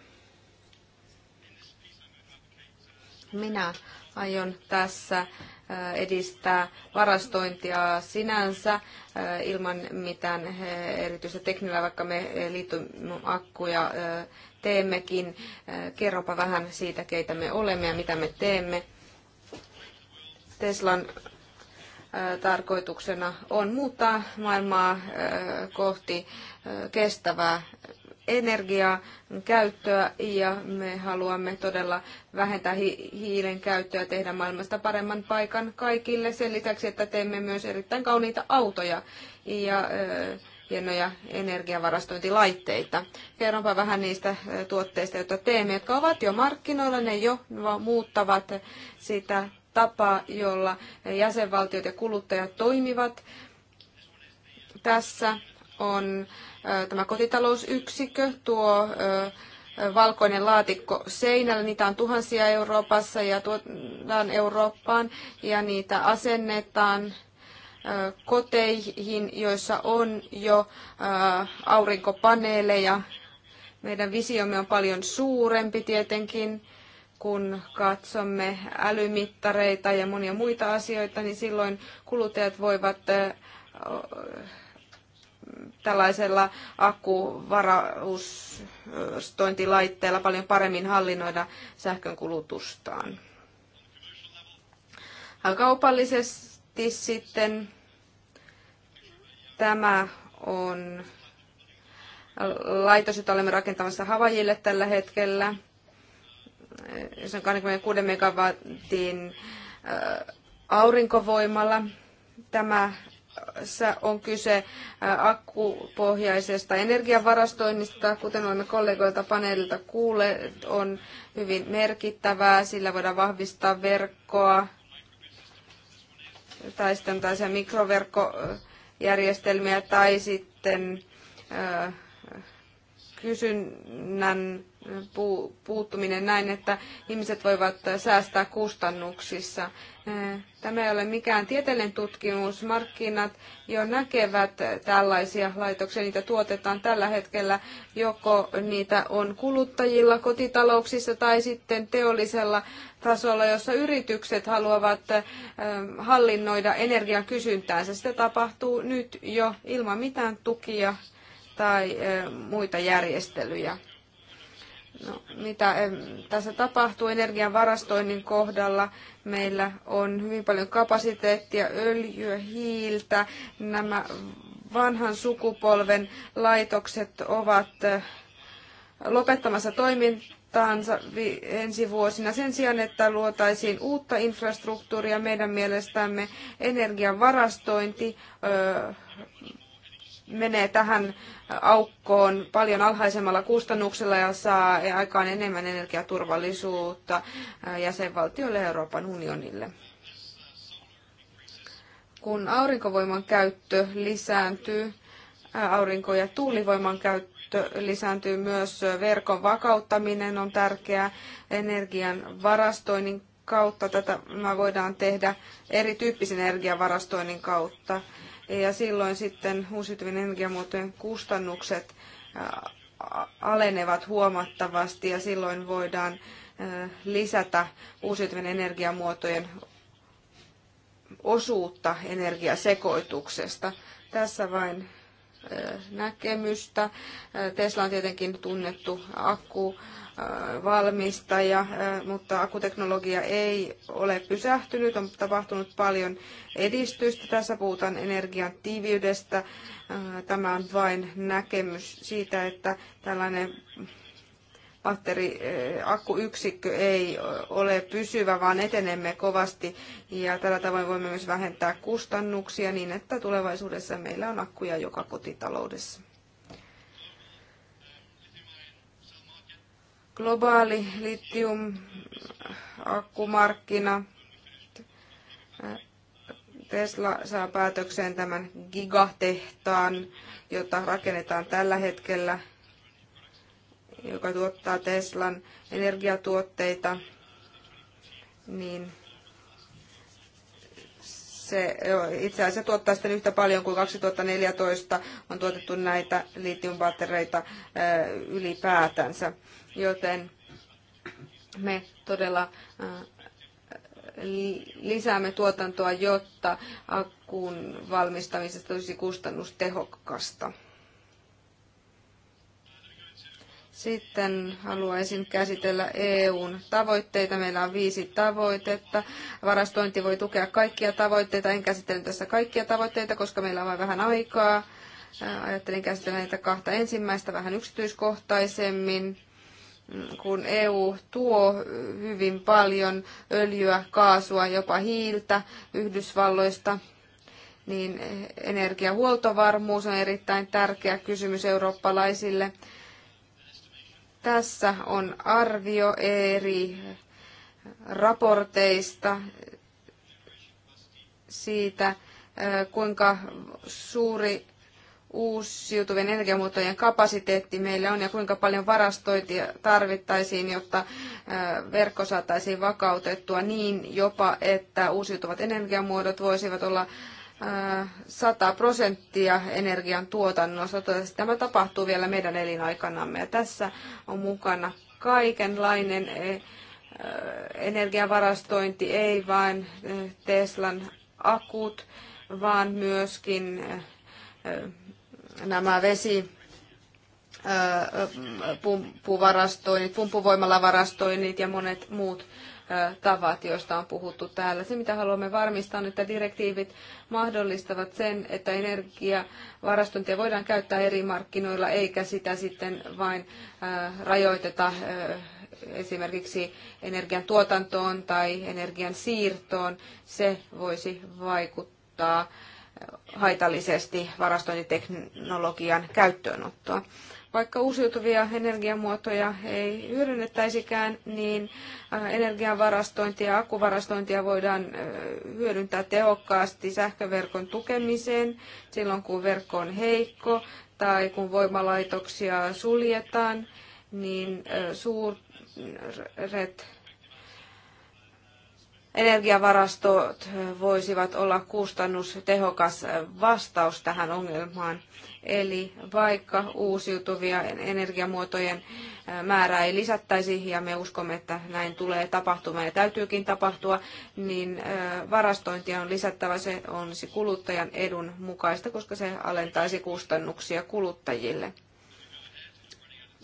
Minä aion tässä uh, edistää varastointia sinänsä uh, ilman mitään erityistä tekniikkaa, vaikka me liittymäakkuja teemmekin. Äh, kerropa vähän siitä, keitä me olemme ja mitä me teemme. Teslan äh, tarkoituksena on muuttaa maailmaa äh, kohti kestävää energiaa käyttöä ja me haluamme todella vähentää hiilen käyttöä ja tehdä maailmasta paremman paikan kaikille sen lisäksi, että teemme myös erittäin kauniita autoja. Ja, äh, hienoja energiavarastointilaitteita. Kerronpa vähän niistä tuotteista, joita teemme, jotka ovat jo markkinoilla. Ne jo muuttavat sitä tapaa, jolla jäsenvaltiot ja kuluttajat toimivat. Tässä on tämä kotitalousyksikkö, tuo valkoinen laatikko seinällä. Niitä on tuhansia Euroopassa ja tuodaan Eurooppaan ja niitä asennetaan koteihin, joissa on jo aurinkopaneeleja. Meidän visiomme on paljon suurempi tietenkin, kun katsomme älymittareita ja monia muita asioita, niin silloin kuluttajat voivat tällaisella akkuvaraustointilaitteella paljon paremmin hallinnoida sähkön kulutustaan. Kaupallisessa Tis sitten tämä on laitos, jota olemme rakentamassa Havajille tällä hetkellä. Se on 26 megawattin äh, aurinkovoimalla. Tämä on kyse äh, akkupohjaisesta energiavarastoinnista, kuten olemme kollegoilta paneelilta kuulleet, on hyvin merkittävää. Sillä voidaan vahvistaa verkkoa tai sitten tällaisia mikroverkkojärjestelmiä tai sitten kysynnän puuttuminen näin, että ihmiset voivat säästää kustannuksissa. Eh, tämä ei ole mikään tieteellinen tutkimus. Markkinat jo näkevät tällaisia laitoksia. Niitä tuotetaan tällä hetkellä joko niitä on kuluttajilla kotitalouksissa tai sitten teollisella tasolla, jossa yritykset haluavat eh, hallinnoida energian kysyntäänsä. Sitä tapahtuu nyt jo ilman mitään tukia tai muita järjestelyjä. No, mitä tässä tapahtuu energian varastoinnin kohdalla? Meillä on hyvin paljon kapasiteettia, öljyä, hiiltä. Nämä vanhan sukupolven laitokset ovat lopettamassa toimintaa ensi vuosina. Sen sijaan, että luotaisiin uutta infrastruktuuria, meidän mielestämme energian varastointi menee tähän aukkoon paljon alhaisemmalla kustannuksella ja saa aikaan enemmän energiaturvallisuutta jäsenvaltioille ja Euroopan unionille. Kun aurinkovoiman käyttö lisääntyy, aurinko- ja tuulivoiman käyttö lisääntyy myös verkon vakauttaminen on tärkeää, energian varastoinnin kautta tätä voidaan tehdä erityyppisen energiavarastoinnin kautta. Ja silloin sitten uusiutuvien energiamuotojen kustannukset alenevat huomattavasti ja silloin voidaan lisätä uusiutuvien energiamuotojen osuutta energiasekoituksesta. Tässä vain näkemystä. Tesla on tietenkin tunnettu akku valmistaja, mutta akuteknologia ei ole pysähtynyt. On tapahtunut paljon edistystä. Tässä puhutaan energian tiiviydestä. Tämä on vain näkemys siitä, että tällainen batteri, akkuyksikkö ei ole pysyvä, vaan etenemme kovasti ja tällä tavoin voimme myös vähentää kustannuksia niin, että tulevaisuudessa meillä on akkuja joka kotitaloudessa. Globaali litium-akkumarkkina. Tesla saa päätökseen tämän gigatehtaan, jota rakennetaan tällä hetkellä, joka tuottaa Teslan energiatuotteita, niin se itse asiassa tuottaa sitten yhtä paljon kuin 2014 on tuotettu näitä litiumbattereita ylipäätänsä joten me todella äh, lisäämme tuotantoa, jotta akkuun valmistamisesta olisi kustannustehokasta. Sitten haluaisin käsitellä EUn tavoitteita. Meillä on viisi tavoitetta. Varastointi voi tukea kaikkia tavoitteita. En käsittele tässä kaikkia tavoitteita, koska meillä on vain vähän aikaa. Äh, ajattelin käsitellä näitä kahta ensimmäistä vähän yksityiskohtaisemmin kun EU tuo hyvin paljon öljyä, kaasua, jopa hiiltä Yhdysvalloista, niin energiahuoltovarmuus on erittäin tärkeä kysymys eurooppalaisille. Tässä on arvio eri raporteista siitä, kuinka suuri uusiutuvien energiamuotojen kapasiteetti meillä on ja kuinka paljon varastointia tarvittaisiin, jotta verkko saataisiin vakautettua niin jopa, että uusiutuvat energiamuodot voisivat olla 100 prosenttia energian tuotannosta. Toivottavasti tämä tapahtuu vielä meidän elinaikanamme ja tässä on mukana kaikenlainen e, energiavarastointi, ei vain Teslan akut, vaan myöskin nämä vesi pumppuvarastoinnit, pumppuvoimalavarastoinnit ja monet muut tavat, joista on puhuttu täällä. Se, mitä haluamme varmistaa, on, että direktiivit mahdollistavat sen, että energiavarastointia voidaan käyttää eri markkinoilla, eikä sitä sitten vain rajoiteta esimerkiksi energian tuotantoon tai energian siirtoon. Se voisi vaikuttaa haitallisesti varastointiteknologian käyttöönottoa. Vaikka uusiutuvia energiamuotoja ei hyödynnettäisikään, niin energiavarastointia ja akkuvarastointia voidaan hyödyntää tehokkaasti sähköverkon tukemiseen silloin, kun verkko on heikko tai kun voimalaitoksia suljetaan, niin suuret Energiavarastot voisivat olla kustannustehokas vastaus tähän ongelmaan. Eli vaikka uusiutuvia energiamuotojen määrää ei lisättäisi, ja me uskomme, että näin tulee tapahtumaan ja täytyykin tapahtua, niin varastointia on lisättävä. Se on kuluttajan edun mukaista, koska se alentaisi kustannuksia kuluttajille.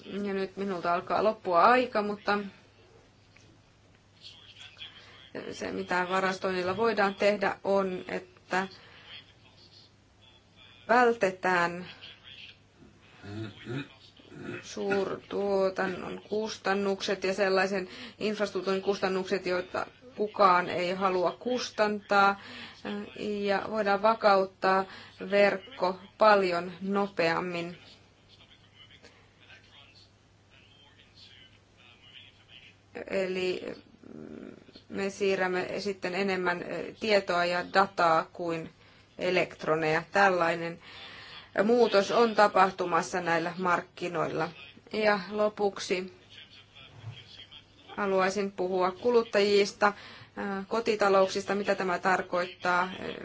Ja nyt minulta alkaa loppua aika, mutta se, mitä varastoinnilla voidaan tehdä, on, että vältetään suurtuotannon kustannukset ja sellaisen infrastruktuurin kustannukset, joita kukaan ei halua kustantaa. Ja voidaan vakauttaa verkko paljon nopeammin. Eli me siirrämme sitten enemmän eh, tietoa ja dataa kuin elektroneja. Tällainen muutos on tapahtumassa näillä markkinoilla. Ja lopuksi haluaisin puhua kuluttajista, eh, kotitalouksista, mitä tämä tarkoittaa eh,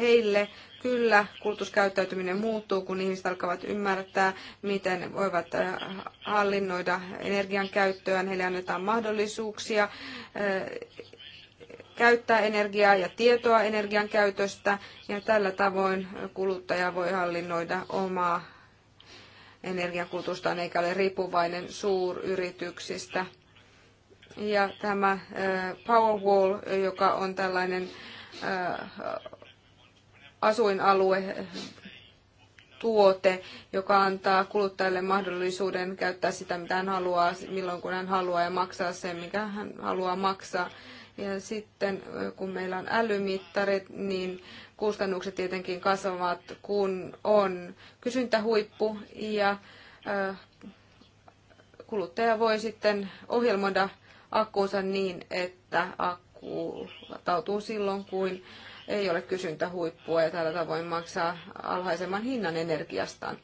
heille. Kyllä, kulutuskäyttäytyminen muuttuu, kun ihmiset alkavat ymmärtää, miten voivat hallinnoida energian käyttöä. Heille annetaan mahdollisuuksia käyttää energiaa ja tietoa energian käytöstä ja tällä tavoin kuluttaja voi hallinnoida omaa energiankulutustaan eikä ole riippuvainen suuryrityksistä. Ja tämä äh, Powerwall, joka on tällainen äh, asuinalue tuote, joka antaa kuluttajalle mahdollisuuden käyttää sitä, mitä hän haluaa, milloin kun hän haluaa ja maksaa sen, mikä hän haluaa maksaa. Ja sitten kun meillä on älymittarit, niin kustannukset tietenkin kasvavat, kun on kysyntähuippu ja kuluttaja voi sitten ohjelmoida akkuunsa niin, että akku latautuu silloin, kun ei ole kysyntähuippua ja tällä tavoin maksaa alhaisemman hinnan energiastaan.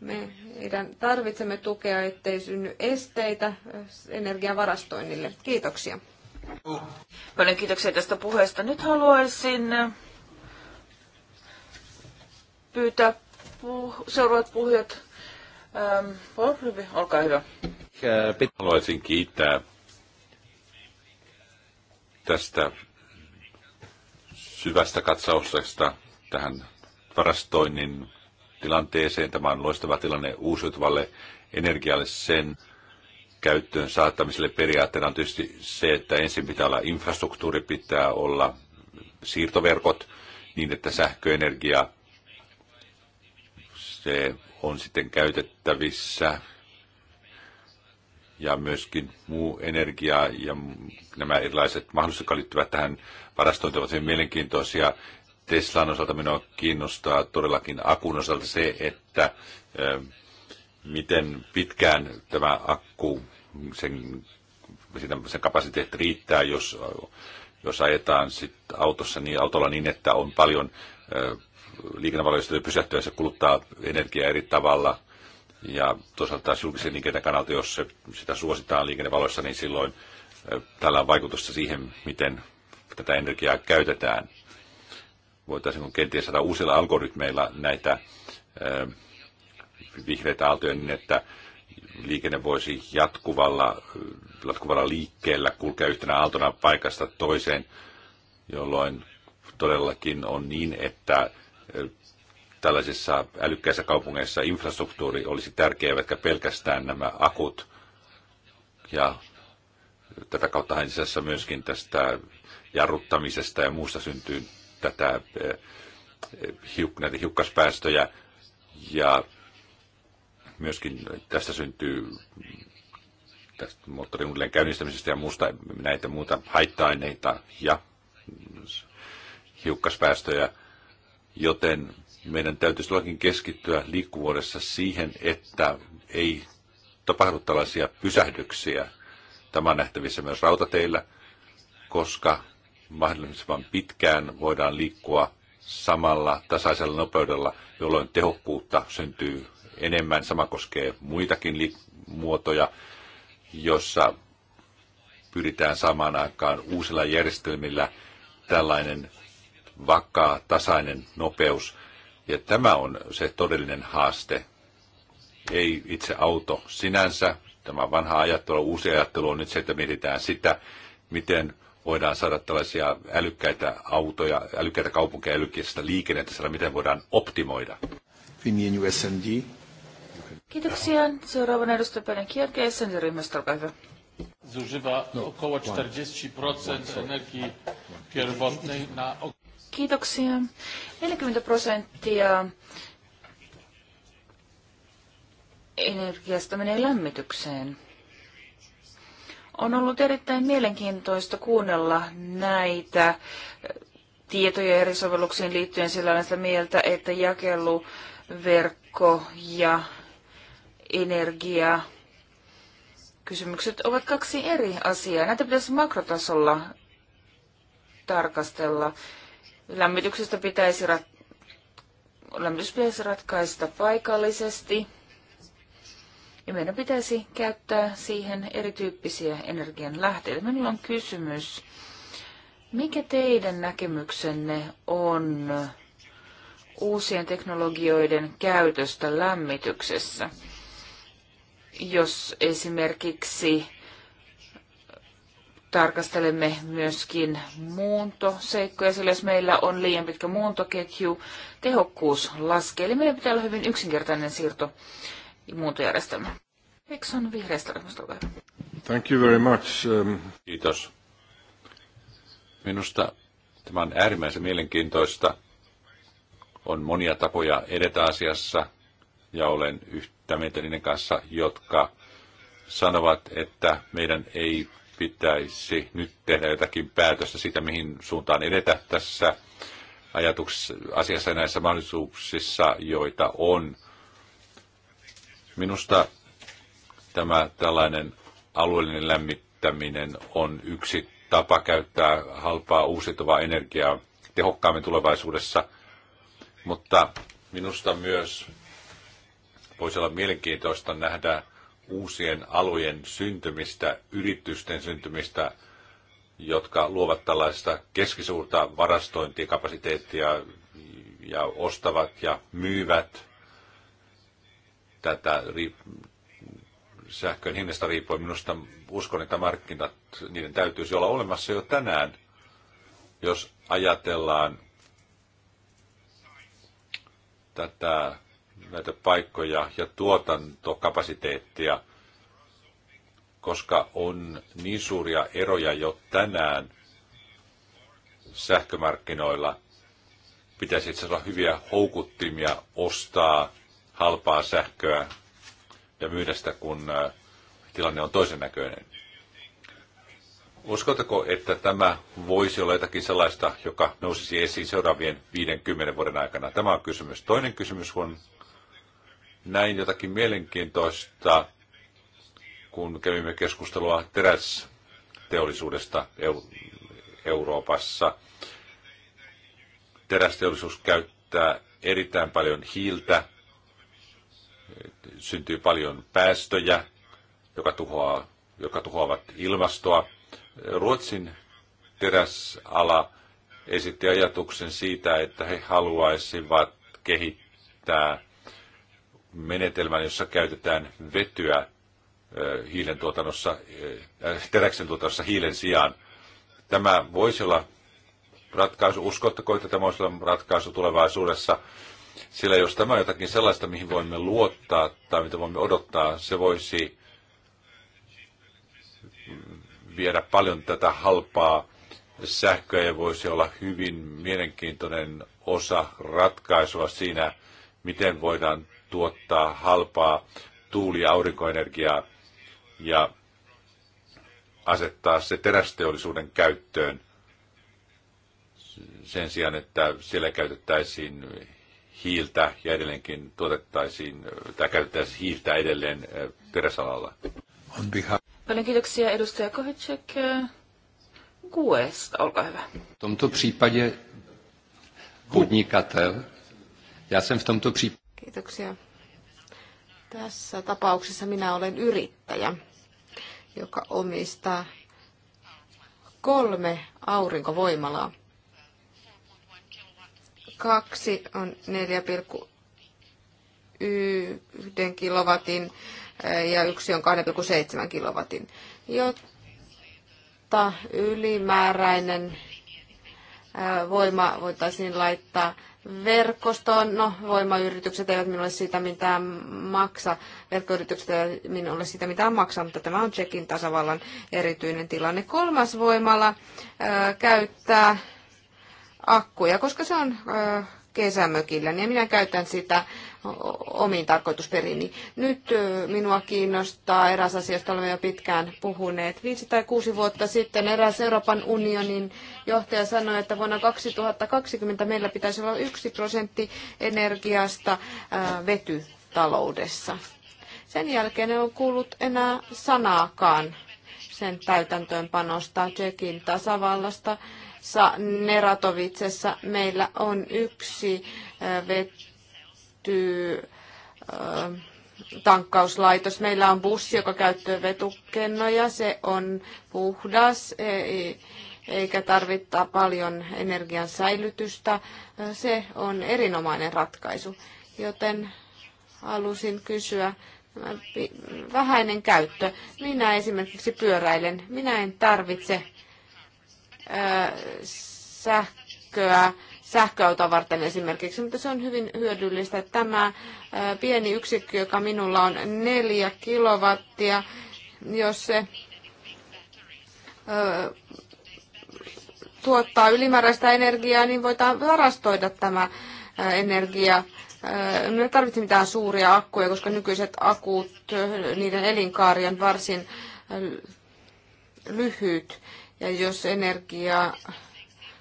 Meidän tarvitsemme tukea, ettei synny esteitä energiavarastoinnille. Kiitoksia. Paljon kiitoksia tästä puheesta. Nyt haluaisin pyytää puh- seuraavat puhujat. Ähm, Polfrivi, olkaa hyvä. Haluaisin kiittää tästä syvästä katsauksesta tähän varastoinnin tilanteeseen. Tämä on loistava tilanne uusiutuvalle energialle sen käyttöön saattamiselle periaatteena on tietysti se, että ensin pitää olla infrastruktuuri, pitää olla siirtoverkot niin, että sähköenergia se on sitten käytettävissä ja myöskin muu energia ja nämä erilaiset mahdollisuudet, jotka liittyvät tähän varastointiin, ovat hyvin mielenkiintoisia. Teslan osalta minua kiinnostaa todellakin akun osalta se, että miten pitkään tämä akku, sen, sen kapasiteetti riittää, jos, jos ajetaan sit autossa niin, autolla niin, että on paljon liikennevaloista pysähtyä, se kuluttaa energiaa eri tavalla. Ja toisaalta taas julkisen liikenteen kannalta, jos se, sitä suositaan liikennevaloissa, niin silloin tällä on vaikutusta siihen, miten tätä energiaa käytetään. Voitaisiin kenties saada uusilla algoritmeilla näitä vihreitä aaltoja niin, että liikenne voisi jatkuvalla, jatkuvalla liikkeellä kulkea yhtenä aaltona paikasta toiseen, jolloin todellakin on niin, että tällaisissa älykkäissä kaupungeissa infrastruktuuri olisi tärkeä, eivätkä pelkästään nämä akut. Ja tätä kautta itse myöskin tästä jarruttamisesta ja muusta syntyy tätä, näitä hiukkaspäästöjä. Ja myöskin tästä syntyy tästä moottorin uudelleen käynnistämisestä ja muusta näitä muuta haitta-aineita ja hiukkaspäästöjä, joten meidän täytyisi tuollakin keskittyä liikkuvuudessa siihen, että ei tapahdu tällaisia pysähdyksiä. Tämä on nähtävissä myös rautateillä, koska mahdollisimman pitkään voidaan liikkua samalla tasaisella nopeudella, jolloin tehokkuutta syntyy enemmän. Sama koskee muitakin muotoja, jossa pyritään samaan aikaan uusilla järjestelmillä tällainen vakaa, tasainen nopeus. Ja tämä on se todellinen haaste. Ei itse auto sinänsä, tämä vanha ajattelu, uusi ajattelu on nyt se, että mietitään sitä, miten voidaan saada tällaisia älykkäitä autoja, älykkäitä kaupunkeja, älykkäistä liikennettä, miten voidaan optimoida. W imieniu Kiitoksia. Seuraavan edustaja Penen Kierke, ryhmästä olkaa hyvä. Zużywa no, około 40% energii pierwotnej na... Kiitoksia. 40 prosenttia energiasta menee lämmitykseen. On ollut erittäin mielenkiintoista kuunnella näitä eh, tietoja eri sovelluksiin liittyen, sillä mieltä, että jakeluverkko ja energia. Kysymykset ovat kaksi eri asiaa. Näitä pitäisi makrotasolla tarkastella. Lämmityksestä pitäisi rat- lämmitys pitäisi ratkaista paikallisesti. Ja meidän pitäisi käyttää siihen erityyppisiä energianlähteitä. Minulla on kysymys. Mikä teidän näkemyksenne on uusien teknologioiden käytöstä lämmityksessä? jos esimerkiksi tarkastelemme myöskin muuntoseikkoja, sillä jos meillä on liian pitkä muuntoketju, tehokkuus laskee. Eli meillä pitää olla hyvin yksinkertainen siirto ja muuntojärjestelmä. on vihreästä ryhmästä, Thank you very much. Um... Kiitos. Minusta tämä on äärimmäisen mielenkiintoista. On monia tapoja edetä asiassa, ja olen yhtä mieltä niiden kanssa, jotka sanovat, että meidän ei pitäisi nyt tehdä jotakin päätöstä siitä, mihin suuntaan edetä tässä ajatuksessa, asiassa ja näissä mahdollisuuksissa, joita on. Minusta tämä tällainen alueellinen lämmittäminen on yksi tapa käyttää halpaa uusiutuvaa energiaa tehokkaammin tulevaisuudessa, mutta minusta myös Voisi olla mielenkiintoista nähdä uusien alojen syntymistä, yritysten syntymistä, jotka luovat tällaista keskisuurta varastointikapasiteettia ja ostavat ja myyvät tätä sähkön hinnasta riippuen. Minusta uskon, että markkinat, niiden täytyisi olla olemassa jo tänään, jos ajatellaan tätä näitä paikkoja ja tuotantokapasiteettia, koska on niin suuria eroja jo tänään sähkömarkkinoilla. Pitäisi itse olla hyviä houkuttimia ostaa halpaa sähköä ja myydä sitä, kun tilanne on toisen näköinen. Uskotteko, että tämä voisi olla jotakin sellaista, joka nousisi esiin seuraavien 50 vuoden aikana? Tämä on kysymys. Toinen kysymys on näin jotakin mielenkiintoista, kun kävimme keskustelua terästeollisuudesta Euroopassa. Terästeollisuus käyttää erittäin paljon hiiltä, syntyy paljon päästöjä, joka tuhoaa, jotka tuhoavat ilmastoa. Ruotsin teräsala esitti ajatuksen siitä, että he haluaisivat kehittää menetelmän, jossa käytetään vetyä hiilen tuotannossa, äh, teräksen tuotannossa hiilen sijaan. Tämä voisi olla ratkaisu, uskotteko, että tämä voisi olla ratkaisu tulevaisuudessa, sillä jos tämä on jotakin sellaista, mihin voimme luottaa tai mitä voimme odottaa, se voisi viedä paljon tätä halpaa sähköä ja voisi olla hyvin mielenkiintoinen osa ratkaisua siinä, miten voidaan tuottaa halpaa tuuli- ja aurinkoenergiaa ja asettaa se terästeollisuuden käyttöön sen sijaan, että siellä käytettäisiin hiiltä ja edelleenkin tuotettaisiin tai käytettäisiin hiiltä edelleen teräsalalla. On Paljon kiitoksia edustaja Kohicek. Kuesta, olkaa hyvä. V tomto případě podnikatel. Já jsem v tomto případě... Kiitoksia. Tässä tapauksessa minä olen yrittäjä, joka omistaa kolme aurinkovoimalaa. Kaksi on 4,1 kilowatin eh, ja yksi on 2,7 kilowatin, jotta ylimääräinen eh, voima voitaisiin laittaa verkostoon. No, voimayritykset eivät minulle siitä mitään maksa, verkkoyritykset eivät minulle siitä mitään maksa, mutta tämä on Tsekin tasavallan erityinen tilanne. Kolmas voimala ää, käyttää akkuja, koska se on ää, kesämökillä, ja niin minä käytän sitä omiin tarkoitusperiini. Nyt minua kiinnostaa eräs asia, josta olemme jo pitkään puhuneet. Viisi tai kuusi vuotta sitten eräs Euroopan unionin johtaja sanoi, että vuonna 2020 meillä pitäisi olla yksi prosentti energiasta vetytaloudessa. Sen jälkeen ei ole kuullut enää sanaakaan sen täytäntöönpanosta Tsekin tasavallasta Neratovitsessa meillä on yksi vetty tankkauslaitos. Meillä on bussi, joka käyttää vetukennoja. Se on puhdas, e, eikä tarvita paljon energian säilytystä. Se on erinomainen ratkaisu, joten halusin kysyä, vähäinen käyttö. Minä esimerkiksi pyöräilen. Minä en tarvitse sähköä sähköautoa varten esimerkiksi, mutta se on hyvin hyödyllistä. Tämä äh, pieni yksikkö, joka minulla on neljä kilowattia, jos se äh, tuottaa ylimääräistä energiaa, niin voidaan varastoida tämä äh, energia. Me ei tarvitse mitään suuria akkuja, koska nykyiset akut, niiden elinkaari on varsin lyhyt. Ja jos energia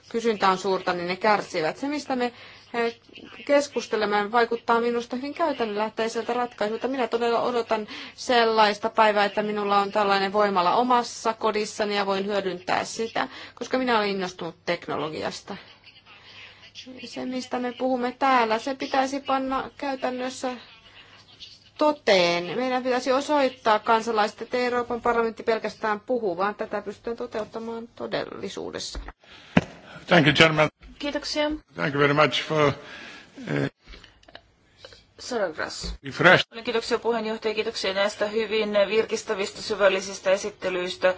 kysyntä on suurta, niin ne kärsivät. Se, mistä me keskustelemme, vaikuttaa minusta hyvin käytännönlähtäiseltä ratkaisulta. Minä todella odotan sellaista päivää, että minulla on tällainen voimala omassa kodissani ja voin hyödyntää sitä, koska minä olen innostunut teknologiasta. Se, mistä me puhumme täällä, se pitäisi panna käytännössä toteen. Meidän pitäisi osoittaa kansalaiset, että Euroopan parlamentti pelkästään puhuu, vaan tätä pystytään toteuttamaan todellisuudessa. Thank you, gentlemen. Kiitoksia. Thank you very much for... uh, Kiitoksia puheenjohtaja, kiitoksia näistä hyvin virkistävistä syvällisistä esittelyistä,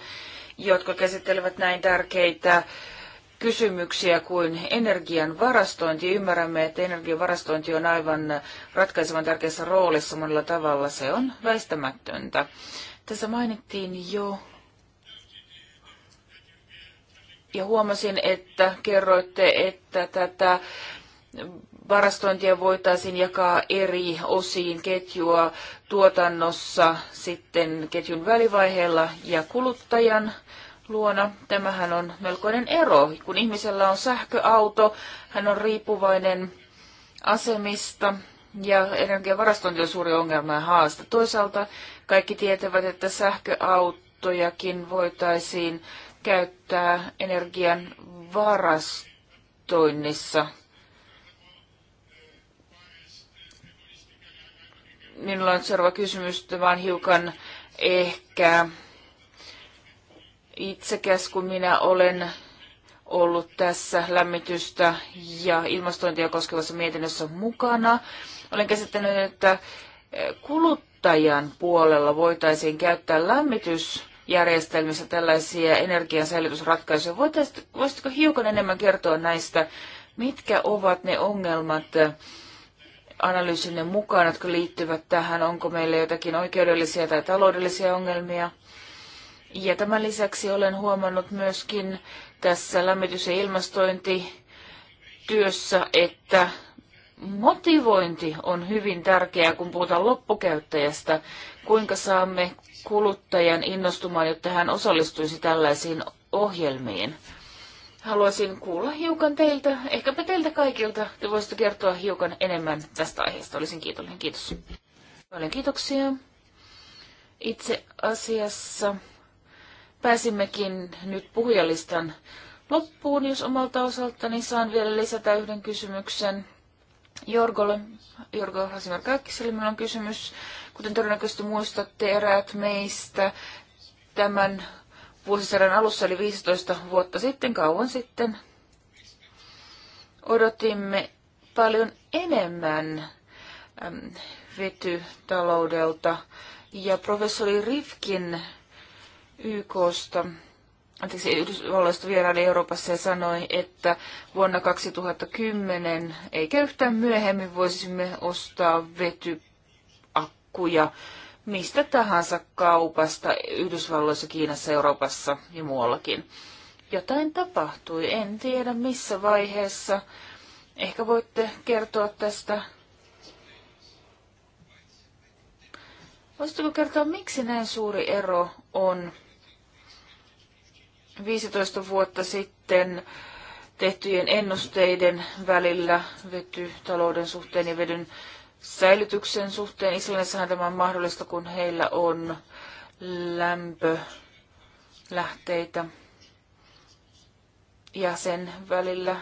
jotka käsittelevät näin tärkeitä kysymyksiä kuin energian varastointi. Ymmärrämme, että energian varastointi on aivan ratkaisevan tärkeässä roolissa monella tavalla. Se on väistämätöntä. Tässä mainittiin jo ja huomasin, että kerroitte, että tätä varastointia voitaisiin jakaa eri osiin ketjua tuotannossa, sitten ketjun välivaiheella ja kuluttajan luona. Tämähän on melkoinen ero. Kun ihmisellä on sähköauto, hän on riippuvainen asemista ja energiavarastointi on suuri ongelma ja haaste. Toisaalta kaikki tietävät, että sähköautojakin voitaisiin käyttää energian varastoinnissa. Minulla on seuraava kysymys, vaan hiukan ehkä itsekäs, kun minä olen ollut tässä lämmitystä ja ilmastointia koskevassa mietinnössä mukana. Olen käsittänyt, että eh, kuluttajan puolella voitaisiin käyttää lämmitysjärjestelmissä tällaisia energiansäilytysratkaisuja. Voisitko hiukan enemmän kertoa näistä, mitkä ovat ne ongelmat eh, analyysinne mukaan, jotka liittyvät tähän? Onko meillä jotakin oikeudellisia tai taloudellisia ongelmia? Ja tämän lisäksi olen huomannut myöskin tässä lämmitys- ja ilmastointityössä, että motivointi on hyvin tärkeää, kun puhutaan loppukäyttäjästä. Kuinka saamme kuluttajan innostumaan, jotta hän osallistuisi tällaisiin ohjelmiin? Haluaisin kuulla hiukan teiltä, ehkäpä teiltä kaikilta. Te voisitte kertoa hiukan enemmän tästä aiheesta. Olisin kiitollinen. Kiitos. Paljon kiitoksia. Itse asiassa pääsimmekin nyt puhujalistan loppuun, jos omalta osaltani saan vielä lisätä yhden kysymyksen. Jorgolle, Jorgo Hasimer Kaikkiselle minulla on kysymys. Kuten todennäköisesti muistatte, eräät meistä tämän vuosisadan alussa, eli 15 vuotta sitten, kauan sitten, odotimme paljon enemmän vetytaloudelta. Ja professori Rifkin YKsta, anteeksi, Yhdysvalloista vieraili Euroopassa ja sanoi, että vuonna 2010 eikä yhtään myöhemmin voisimme ostaa vetyakkuja mistä tahansa kaupasta Yhdysvalloissa, Kiinassa, Euroopassa ja muuallakin. Jotain tapahtui, en tiedä missä vaiheessa. Ehkä voitte kertoa tästä. Voisitteko kertoa, miksi näin suuri ero on 15 vuotta sitten tehtyjen ennusteiden välillä vetytalouden suhteen ja vedyn säilytyksen suhteen. Islannissahan tämä on mahdollista, kun heillä on lämpölähteitä ja sen välillä,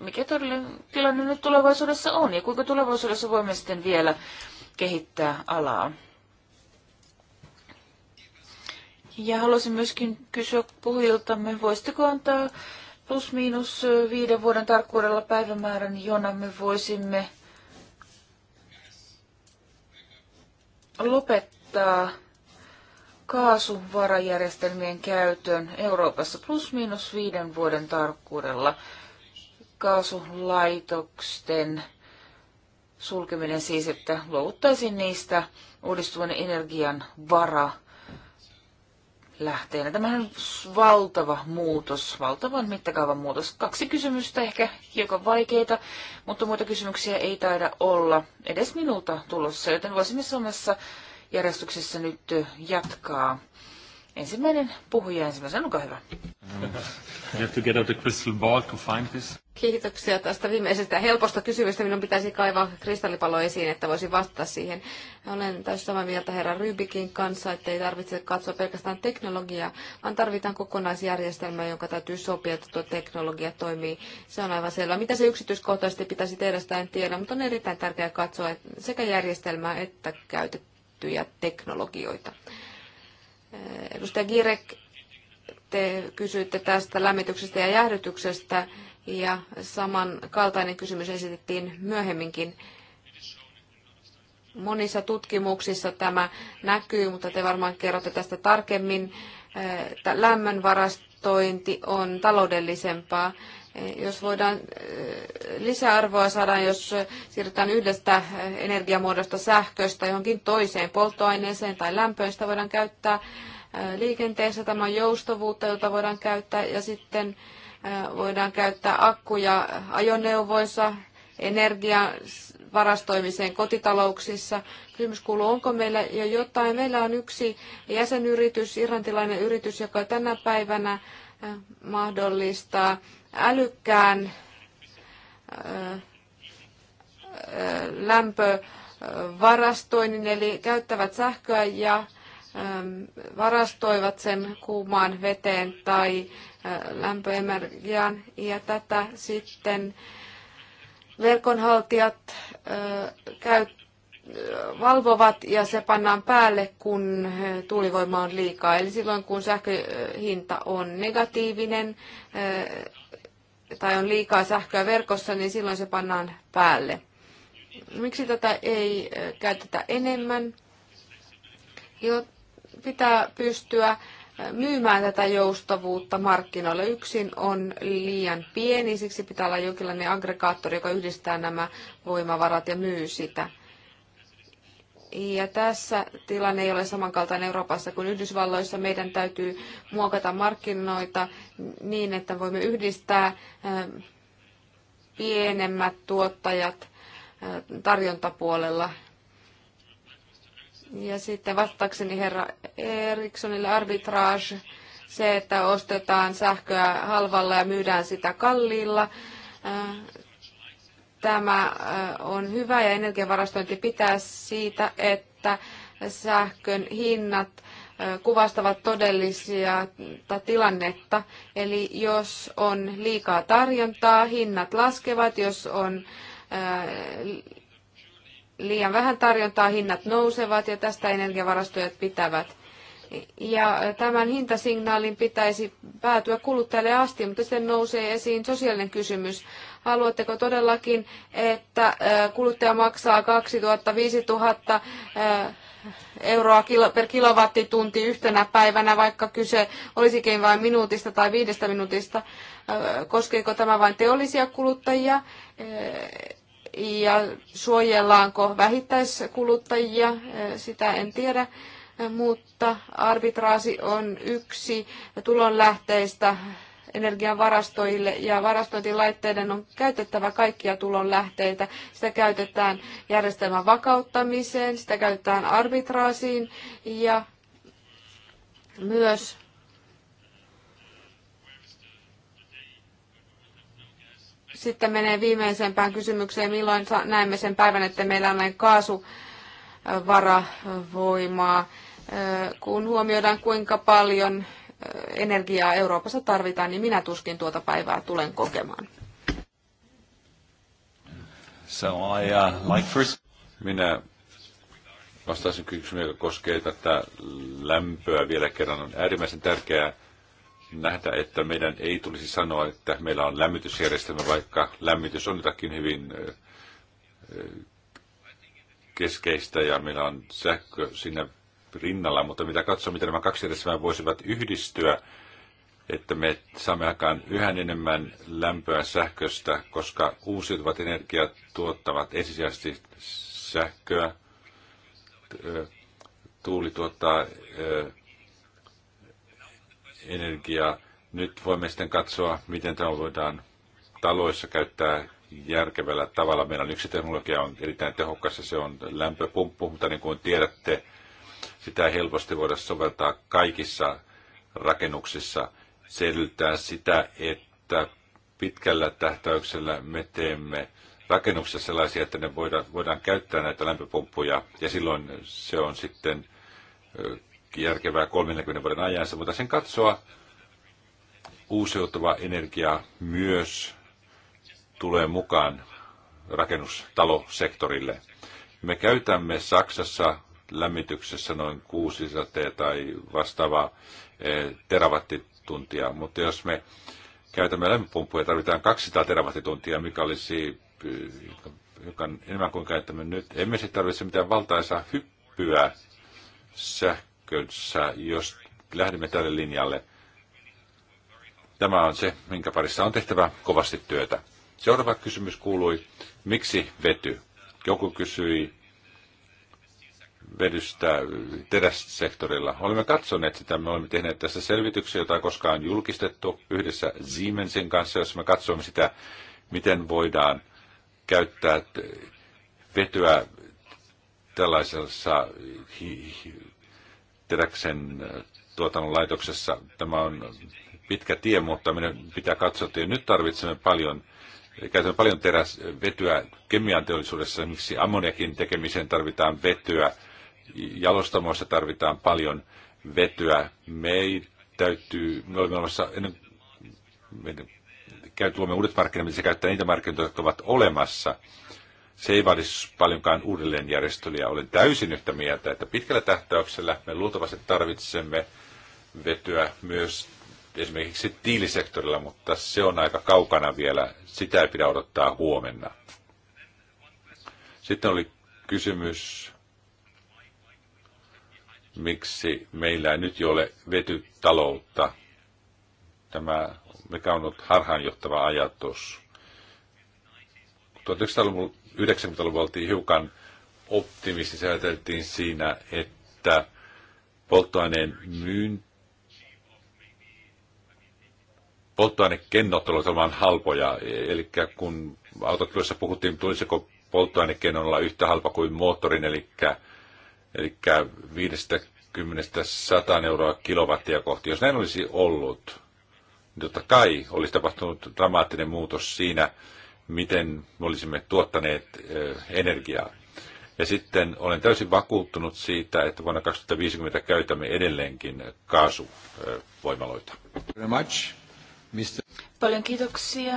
mikä todellinen tilanne nyt tulevaisuudessa on ja kuinka tulevaisuudessa voimme sitten vielä kehittää alaa. Ja haluaisin myöskin kysyä puhujiltamme, voisitteko antaa plus miinus viiden vuoden tarkkuudella päivämäärän, jona me voisimme lopettaa kaasuvarajärjestelmien käytön Euroopassa plus miinus viiden vuoden tarkkuudella kaasulaitosten sulkeminen siis, että luovuttaisiin niistä uudistuvan energian vara lähteenä. Tämä on valtava muutos, valtavan mittakaavan muutos. Kaksi kysymystä ehkä hiukan vaikeita, mutta muita kysymyksiä ei taida olla edes minulta tulossa, joten voisimme samassa järjestyksessä nyt jatkaa. Ensimmäinen puhuja ensimmäisen, olkaa hyvä. You have to get out the crystal ball to find this. Kiitoksia tästä viimeisestä helposta kysymystä. Minun pitäisi kaivaa kristallipalo esiin, että voisin vastata siihen. Olen täysin samaa mieltä herra Rybikin kanssa, että ei tarvitse katsoa pelkästään teknologiaa, vaan tarvitaan kokonaisjärjestelmä, jonka täytyy sopia, että tuo teknologia toimii. Se on aivan selvä. Mitä se yksityiskohtaisesti pitäisi tehdä, sitä en tiedä, mutta on erittäin tärkeää katsoa sekä järjestelmää että käytettyjä teknologioita. Edustaja Girek, te kysyitte tästä lämmityksestä ja jäähdytyksestä ja samankaltainen kysymys esitettiin myöhemminkin. Monissa tutkimuksissa tämä näkyy, mutta te varmaan kerrotte tästä tarkemmin. Lämmön varastointi on taloudellisempaa jos voidaan eh, lisäarvoa saada, jos siirrytään yhdestä eh, energiamuodosta sähköstä johonkin toiseen polttoaineeseen tai lämpöön, sitä voidaan käyttää eh, liikenteessä. Tämä on joustavuutta, jota voidaan käyttää ja sitten voidaan käyttää akkuja ajoneuvoissa, energian varastoimiseen kotitalouksissa. Kysymys kuuluu, onko meillä jo jotain. Meillä on yksi jäsenyritys, irlantilainen yritys, joka tänä päivänä mahdollistaa älykkään lämpövarastoinnin, eli käyttävät sähköä ja varastoivat sen kuumaan veteen tai lämpöenergiaan ja tätä sitten verkonhaltijat valvovat ja se pannaan päälle, kun tuulivoima on liikaa. Eli silloin, kun sähköhinta on negatiivinen, tai on liikaa sähköä verkossa, niin silloin se pannaan päälle. Miksi tätä ei käytetä enemmän? Jo pitää pystyä myymään tätä joustavuutta markkinoille. Yksin on liian pieni, siksi pitää olla jokinlainen aggregaattori, joka yhdistää nämä voimavarat ja myy sitä. Ja tässä tilanne ei ole samankaltainen Euroopassa kuin Yhdysvalloissa. Meidän täytyy muokata markkinoita niin, että voimme yhdistää pienemmät tuottajat tarjontapuolella. Ja sitten vastaakseni herra Erikssonille arbitrage, se, että ostetaan sähköä halvalla ja myydään sitä kalliilla Tämä on hyvä ja energiavarastointi pitää siitä, että sähkön hinnat kuvastavat todellisia tilannetta. Eli jos on liikaa tarjontaa, hinnat laskevat, jos on liian vähän tarjontaa, hinnat nousevat ja tästä energiavarastojat pitävät. Ja tämän hintasignaalin pitäisi päätyä kuluttajalle asti, mutta sitten nousee esiin sosiaalinen kysymys. Haluatteko todellakin, että kuluttaja maksaa 2000-5000 euroa per kilowattitunti yhtenä päivänä, vaikka kyse olisikin vain minuutista tai viidestä minuutista? Koskeeko tämä vain teollisia kuluttajia? Ja suojellaanko vähittäiskuluttajia? Sitä en tiedä mutta arbitraasi on yksi tulonlähteistä energian varastoille ja varastointilaitteiden on käytettävä kaikkia tulonlähteitä. Sitä käytetään järjestelmän vakauttamiseen, sitä käytetään arbitraasiin ja myös sitten menee viimeisempään kysymykseen, milloin näemme sen päivän, että meillä on näin kaasuvaravoimaa, kun huomioidaan kuinka paljon energiaa Euroopassa tarvitaan, niin minä tuskin tuota päivää tulen kokemaan. So I, uh, like first... Minä vastaisin kysymykseen, joka koskee tätä lämpöä vielä kerran. On äärimmäisen tärkeää nähdä, että meidän ei tulisi sanoa, että meillä on lämmitysjärjestelmä, vaikka lämmitys on jotakin hyvin keskeistä ja meillä on sähkö sinne rinnalla, mutta mitä katsoa, miten nämä kaksi järjestelmää voisivat yhdistyä, että me saamme aikaan yhä enemmän lämpöä sähköstä, koska uusiutuvat energiat tuottavat ensisijaisesti sähköä, tuuli tuottaa energiaa. Nyt voimme sitten katsoa, miten tämä voidaan taloissa käyttää järkevällä tavalla. Meillä on yksi teknologia on erittäin tehokas ja se on lämpöpumppu, mutta niin kuin tiedätte, sitä ei helposti voida soveltaa kaikissa rakennuksissa. Se edellyttää sitä, että pitkällä tähtäyksellä me teemme rakennuksessa sellaisia, että ne voidaan, voidaan käyttää näitä lämpöpumppuja, ja silloin se on sitten järkevää 30 vuoden ajansa, mutta sen katsoa uusiutuva energia myös tulee mukaan rakennustalosektorille. Me käytämme Saksassa lämmityksessä noin 600 tai vastaava eh, terawattituntia. Mutta jos me käytämme lämpöpumppuja, tarvitaan 200 terawattituntia, mikä olisi eh, joka on enemmän kuin käyttämme nyt. Emme sitten tarvitse mitään valtaisaa hyppyä sähkössä, jos lähdemme tälle linjalle. Tämä on se, minkä parissa on tehtävä kovasti työtä. Seuraava kysymys kuului, miksi vety? Joku kysyi, vedystä terässektorilla. Olemme katsoneet sitä, me olemme tehneet tässä selvityksiä, jota ei koskaan julkistettu yhdessä Siemensin kanssa, jos me katsomme sitä, miten voidaan käyttää vetyä tällaisessa teräksen tuotannon laitoksessa. Tämä on pitkä tie, mutta meidän pitää katsoa, että nyt tarvitsemme paljon käytämme paljon teräs, vetyä kemianteollisuudessa, miksi ammoniakin tekemiseen tarvitaan vetyä, jalostamoissa tarvitaan paljon vetyä. Me ei täytyy, me olemme olemassa, ennen, me luomme uudet markkinat, missä käyttää niitä markkinoita, jotka ovat olemassa. Se ei vaadi paljonkaan uudelleenjärjestelyä. Olen täysin yhtä mieltä, että pitkällä tähtäyksellä me luultavasti tarvitsemme vetyä myös esimerkiksi tiilisektorilla, mutta se on aika kaukana vielä. Sitä ei pidä odottaa huomenna. Sitten oli kysymys miksi meillä ei nyt jo ole vetytaloutta. Tämä, mikä on ollut harhaanjohtava ajatus. 1990-luvulla oltiin hiukan optimistisia, ajateltiin siinä, että polttoaineen myynti polttoainekennot olivat halpoja, eli kun autokylässä puhuttiin, tulisiko olla yhtä halpa kuin moottorin, eli eli 50-100 euroa kilowattia kohti. Jos näin olisi ollut, niin totta kai olisi tapahtunut dramaattinen muutos siinä, miten me olisimme tuottaneet eh, energiaa. Ja sitten olen täysin vakuuttunut siitä, että vuonna 2050 käytämme edelleenkin kaasuvoimaloita. Eh, Paljon kiitoksia.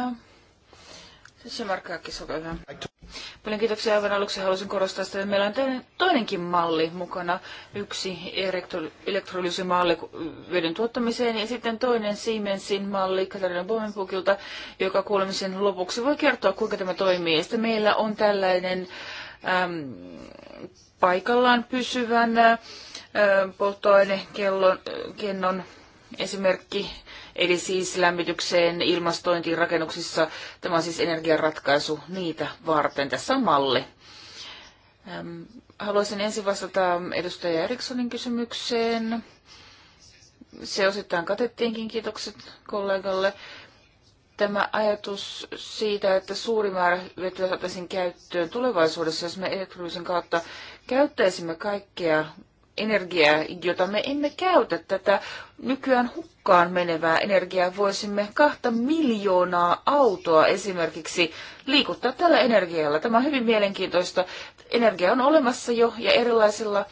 Simarkkaakkis, olkaa hyvä. Paljon kiitoksia. Aivan aluksi haluaisin korostaa sitä, että meillä on toinenkin malli mukana. Yksi elektrolyysimalli veden tuottamiseen ja sitten toinen Siemensin malli Katarina Bohmenpukilta, joka kuulemisen lopuksi voi kertoa, kuinka tämä toimii. Ja sitten meillä on tällainen äm, paikallaan pysyvän polttoainekennon esimerkki Eli siis lämmitykseen, ilmastointiin rakennuksissa. Tämä on siis energiaratkaisu niitä varten. Tässä on malli. Haluaisin ensin vastata edustaja Erikssonin kysymykseen. Se osittain katettiinkin, kiitokset kollegalle. Tämä ajatus siitä, että suuri määrä vetyä saataisiin käyttöön tulevaisuudessa, jos me elektrolyysin kautta käyttäisimme kaikkea energiaa, jota me emme käytä tätä nykyään hukkaan menevää energiaa. Voisimme kahta miljoonaa autoa esimerkiksi liikuttaa tällä energialla. Tämä on hyvin mielenkiintoista. Energia on olemassa jo ja erilaisilla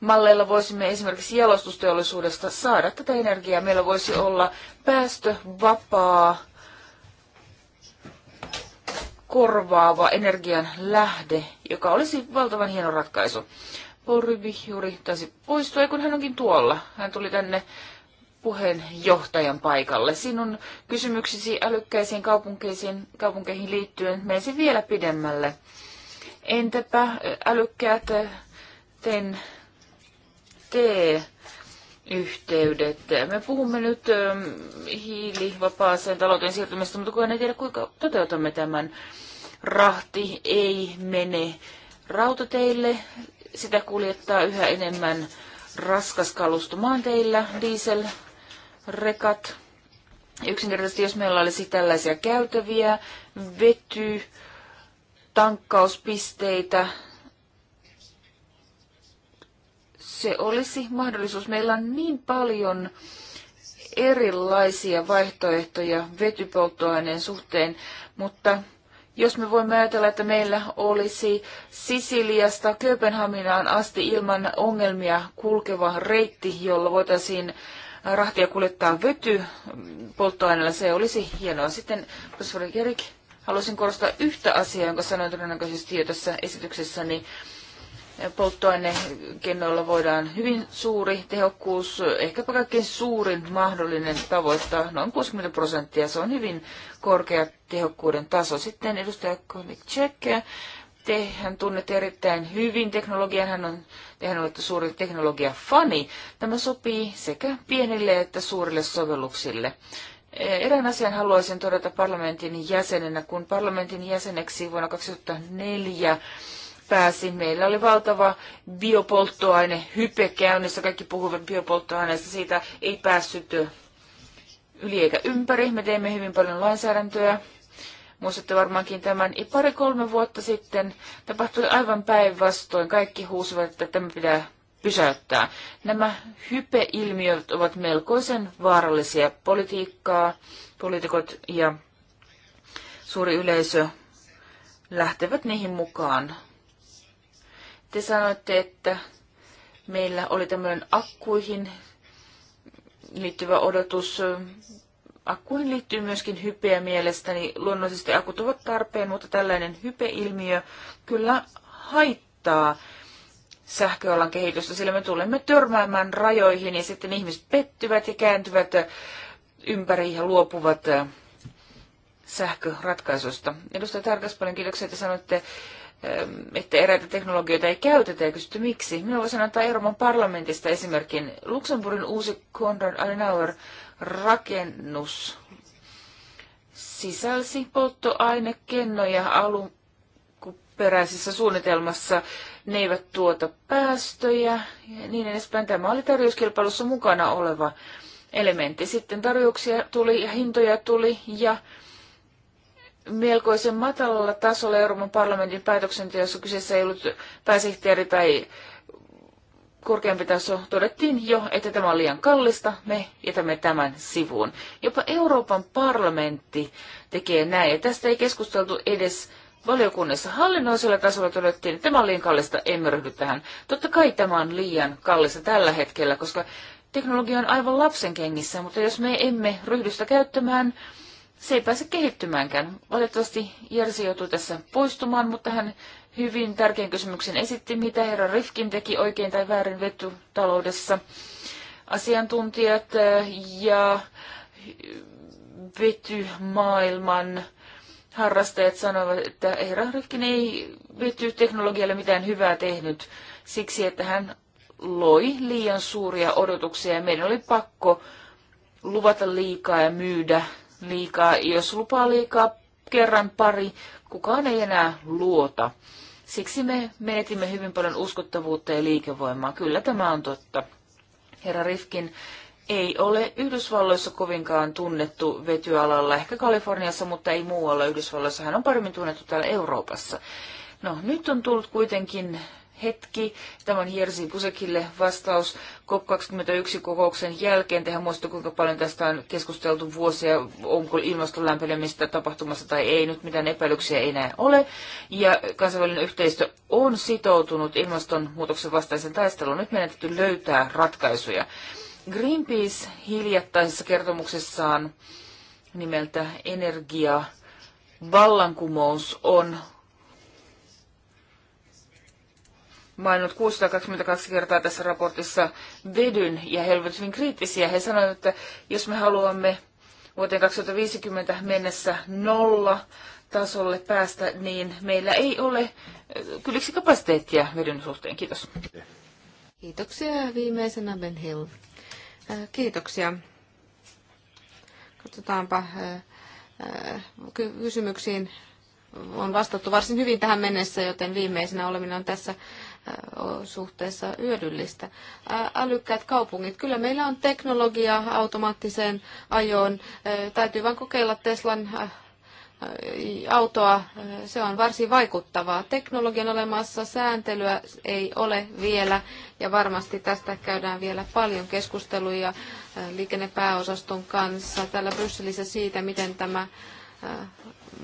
malleilla voisimme esimerkiksi jalostusteollisuudesta saada tätä energiaa. Meillä voisi olla päästövapaa korvaava energian lähde, joka olisi valtavan hieno ratkaisu. Porrybi juuri taisi poistua, kun hän onkin tuolla. Hän tuli tänne puheenjohtajan paikalle. Sinun kysymyksesi älykkäisiin kaupunkeisiin, kaupunkeihin liittyen menisi vielä pidemmälle. Entäpä älykkäät ten te yhteydet. Me puhumme nyt hiilivapaaseen talouteen siirtymistä, mutta kukaan en tiedä, kuinka toteutamme tämän. Rahti ei mene rautateille, sitä kuljettaa yhä enemmän raskas kalusto maanteillä, dieselrekat. Yksinkertaisesti, jos meillä olisi tällaisia käytäviä, vety, tankkauspisteitä, se olisi mahdollisuus. Meillä on niin paljon erilaisia vaihtoehtoja vetypolttoaineen suhteen, mutta jos me voimme ajatella, että meillä olisi Sisiliasta Kööpenhaminaan asti ilman ongelmia kulkeva reitti, jolla voitaisiin rahtia kuljettaa vety polttoaineella, se olisi hienoa. Sitten professori Gerik, haluaisin korostaa yhtä asiaa, jonka sanoin todennäköisesti jo tässä esityksessäni. Niin polttoainekennoilla voidaan hyvin suuri tehokkuus, ehkäpä kaikkein suurin mahdollinen tavoittaa, noin 60 prosenttia. Se on hyvin korkea tehokkuuden taso. Sitten edustaja Kovic Tsekke, te hän tunnet erittäin hyvin teknologian, hän on, tehän hän olette suuri teknologiafani. Tämä sopii sekä pienille että suurille sovelluksille. Erään asian haluaisin todeta parlamentin jäsenenä, kun parlamentin jäseneksi vuonna 2004 pääsin. Meillä oli valtava biopolttoaine hype käynnissä. Kaikki puhuvat biopolttoaineista Siitä ei päässyt yli eikä ympäri. Me teemme hyvin paljon lainsäädäntöä. Muistatte varmaankin tämän. Pari-kolme vuotta sitten tapahtui aivan päinvastoin. Kaikki huusivat, että tämä pitää pysäyttää. Nämä hypeilmiöt ovat melkoisen vaarallisia politiikkaa, poliitikot ja suuri yleisö lähtevät niihin mukaan. Te sanoitte, että meillä oli tämmöinen akkuihin liittyvä odotus. Akkuihin liittyy myöskin hypeä mielestäni. Luonnollisesti akut ovat tarpeen, mutta tällainen hypeilmiö kyllä haittaa sähköalan kehitystä, sillä me tulemme törmäämään rajoihin ja sitten ihmiset pettyvät ja kääntyvät ympäri ja luopuvat sähköratkaisusta. Edustaja Tarkas, kiitoksia, että sanoitte että eräitä teknologioita ei käytetä ja kysytty miksi. Minä voisin antaa Euroopan parlamentista esimerkin. Luxemburgin uusi Konrad Adenauer-rakennus sisälsi polttoainekennoja alkuperäisessä suunnitelmassa. Ne eivät tuota päästöjä ja niin edespäin. Tämä oli tarjouskilpailussa mukana oleva elementti. Sitten tarjouksia tuli ja hintoja tuli ja melkoisen matalalla tasolla Euroopan parlamentin päätöksenteossa kyseessä ei ollut pääsihteeri tai korkeampi taso, todettiin jo, että tämä on liian kallista, me jätämme tämän sivuun. Jopa Euroopan parlamentti tekee näin, ja tästä ei keskusteltu edes valiokunnassa. Hallinnollisella tasolla todettiin, että tämä on liian kallista, emme ryhdy tähän. Totta kai tämä on liian kallista tällä hetkellä, koska teknologia on aivan lapsen kengissä, mutta jos me emme sitä käyttämään, se ei pääse kehittymäänkään. Valitettavasti Jersi joutui tässä poistumaan, mutta hän hyvin tärkeän kysymyksen esitti, mitä herra Rifkin teki oikein tai väärin vetytaloudessa. Asiantuntijat eh, ja vetymaailman harrastajat sanoivat, että herra Rifkin ei vetyteknologialle mitään hyvää tehnyt siksi, että hän loi liian suuria odotuksia ja meidän oli pakko luvata liikaa ja myydä liikaa. Jos lupaa liikaa kerran pari, kukaan ei enää luota. Siksi me menetimme hyvin paljon uskottavuutta ja liikevoimaa. Kyllä tämä on totta. Herra Rifkin ei ole Yhdysvalloissa kovinkaan tunnettu vetyalalla, ehkä Kaliforniassa, mutta ei muualla Yhdysvalloissa. Hän on paremmin tunnettu täällä Euroopassa. No, nyt on tullut kuitenkin hetki. Tämä on Jerzy Pusekille vastaus COP21 kokouksen jälkeen. Tehän muistaa, kuinka paljon tästä on keskusteltu vuosia, onko ilmaston lämpenemistä tapahtumassa tai ei. Nyt mitään epäilyksiä ei enää ole. Ja kansainvälinen yhteistyö on sitoutunut ilmastonmuutoksen vastaisen taisteluun. Nyt meidän täytyy löytää ratkaisuja. Greenpeace hiljattaisessa kertomuksessaan nimeltä Energia vallankumous on maininnut 622 kertaa tässä raportissa vedyn, ja he olivat hyvin kriittisiä. He sanoivat, että jos me haluamme vuoteen 2050 mennessä nolla tasolle päästä, niin meillä ei ole äh, kylliksi kapasiteettia vedyn suhteen. Kiitos. Kiitoksia. Viimeisenä Ben Hill. Äh, kiitoksia. Katsotaanpa äh, kysymyksiin on vastattu varsin hyvin tähän mennessä, joten viimeisenä oleminen on tässä suhteessa hyödyllistä. Älykkäät kaupungit. Kyllä meillä on teknologia automaattiseen ajoon. Täytyy vain kokeilla Teslan autoa, se on varsin vaikuttavaa. Teknologian olemassa sääntelyä ei ole vielä ja varmasti tästä käydään vielä paljon keskusteluja liikennepääosaston kanssa täällä Brysselissä siitä, miten tämä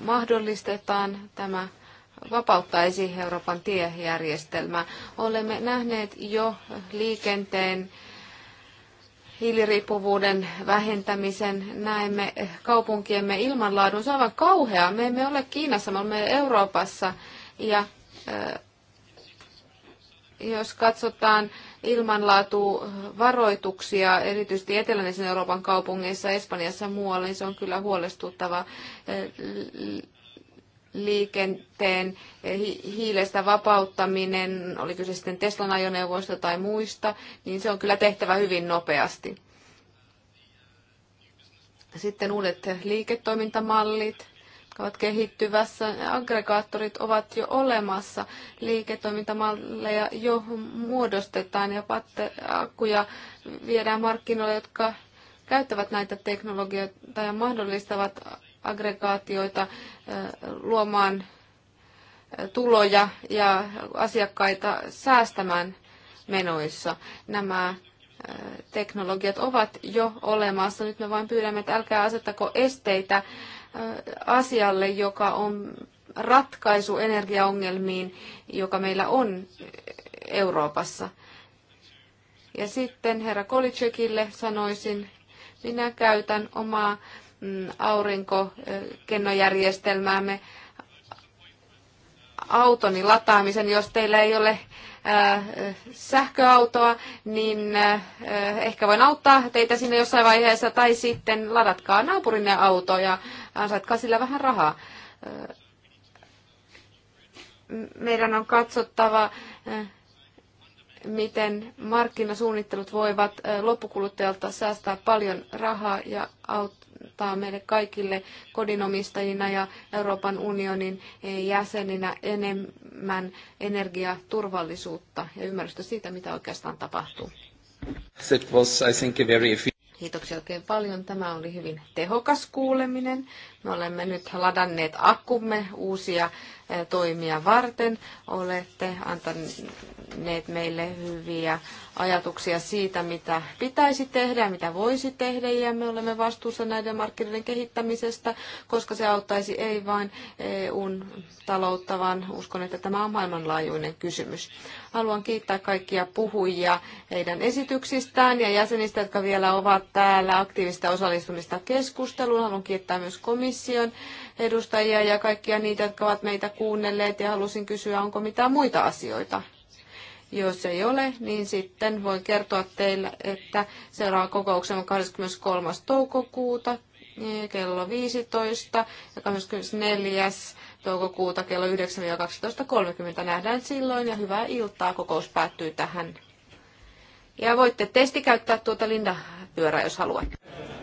mahdollistetaan, tämä vapauttaisi Euroopan tiejärjestelmää. Olemme nähneet jo liikenteen hiiliriippuvuuden vähentämisen, näemme kaupunkiemme ilmanlaadun. Se on aivan kauhea. Me emme ole Kiinassa, me olemme Euroopassa. Ja äh, jos katsotaan ilmanlaatuvaroituksia, erityisesti eteläisen Euroopan kaupungeissa, Espanjassa ja muualla, niin se on kyllä huolestuttava. Äh, liikenteen hiilestä vapauttaminen, oli kyse sitten Teslan ajoneuvoista tai muista, niin se on kyllä tehtävä hyvin nopeasti. Sitten uudet liiketoimintamallit, jotka ovat kehittyvässä. Aggregaattorit ovat jo olemassa. Liiketoimintamalleja jo muodostetaan ja akkuja viedään markkinoille, jotka käyttävät näitä teknologioita ja mahdollistavat aggregaatioita luomaan tuloja ja asiakkaita säästämään menoissa. Nämä teknologiat ovat jo olemassa. Nyt me vain pyydämme, että älkää asettako esteitä asialle, joka on ratkaisu energiaongelmiin, joka meillä on Euroopassa. Ja sitten herra Kolicekille sanoisin, minä käytän omaa Mm, aurinkokennojärjestelmäämme eh, autoni lataamisen, jos teillä ei ole eh, sähköautoa, niin eh, ehkä voin auttaa teitä sinne jossain vaiheessa, tai sitten ladatkaa naapurinne auto ja ansaitkaa sillä vähän rahaa. Meidän on katsottava, miten markkinasuunnittelut voivat loppukuluttajalta säästää paljon rahaa ja auttaa antaa meille kaikille kodinomistajina ja Euroopan unionin jäseninä enemmän energiaturvallisuutta ja ymmärrystä siitä, mitä oikeastaan tapahtuu. Kiitoksia oikein paljon. Tämä oli hyvin tehokas kuuleminen. Me olemme nyt ladanneet akkumme uusia eh, toimia varten. Olette antaneet meille hyviä ajatuksia siitä, mitä pitäisi tehdä ja mitä voisi tehdä. Ja me olemme vastuussa näiden markkinoiden kehittämisestä, koska se auttaisi ei vain EUn taloutta, vaan uskon, että tämä on maailmanlaajuinen kysymys. Haluan kiittää kaikkia puhujia heidän esityksistään ja jäsenistä, jotka vielä ovat täällä aktiivista osallistumista keskusteluun. Haluan kiittää myös komissiota komission edustajia ja kaikkia niitä, jotka ovat meitä kuunnelleet ja halusin kysyä, onko mitään muita asioita. Jos ei ole, niin sitten voin kertoa teille, että seuraava kokouksen on 23. Niin toukokuuta kello 15 ja 24. toukokuuta kello 9-12.30. Nähdään silloin ja hyvää iltaa. Kokous päättyy tähän. Ja voitte testi käyttää tuota Linda-pyörää, jos haluatte.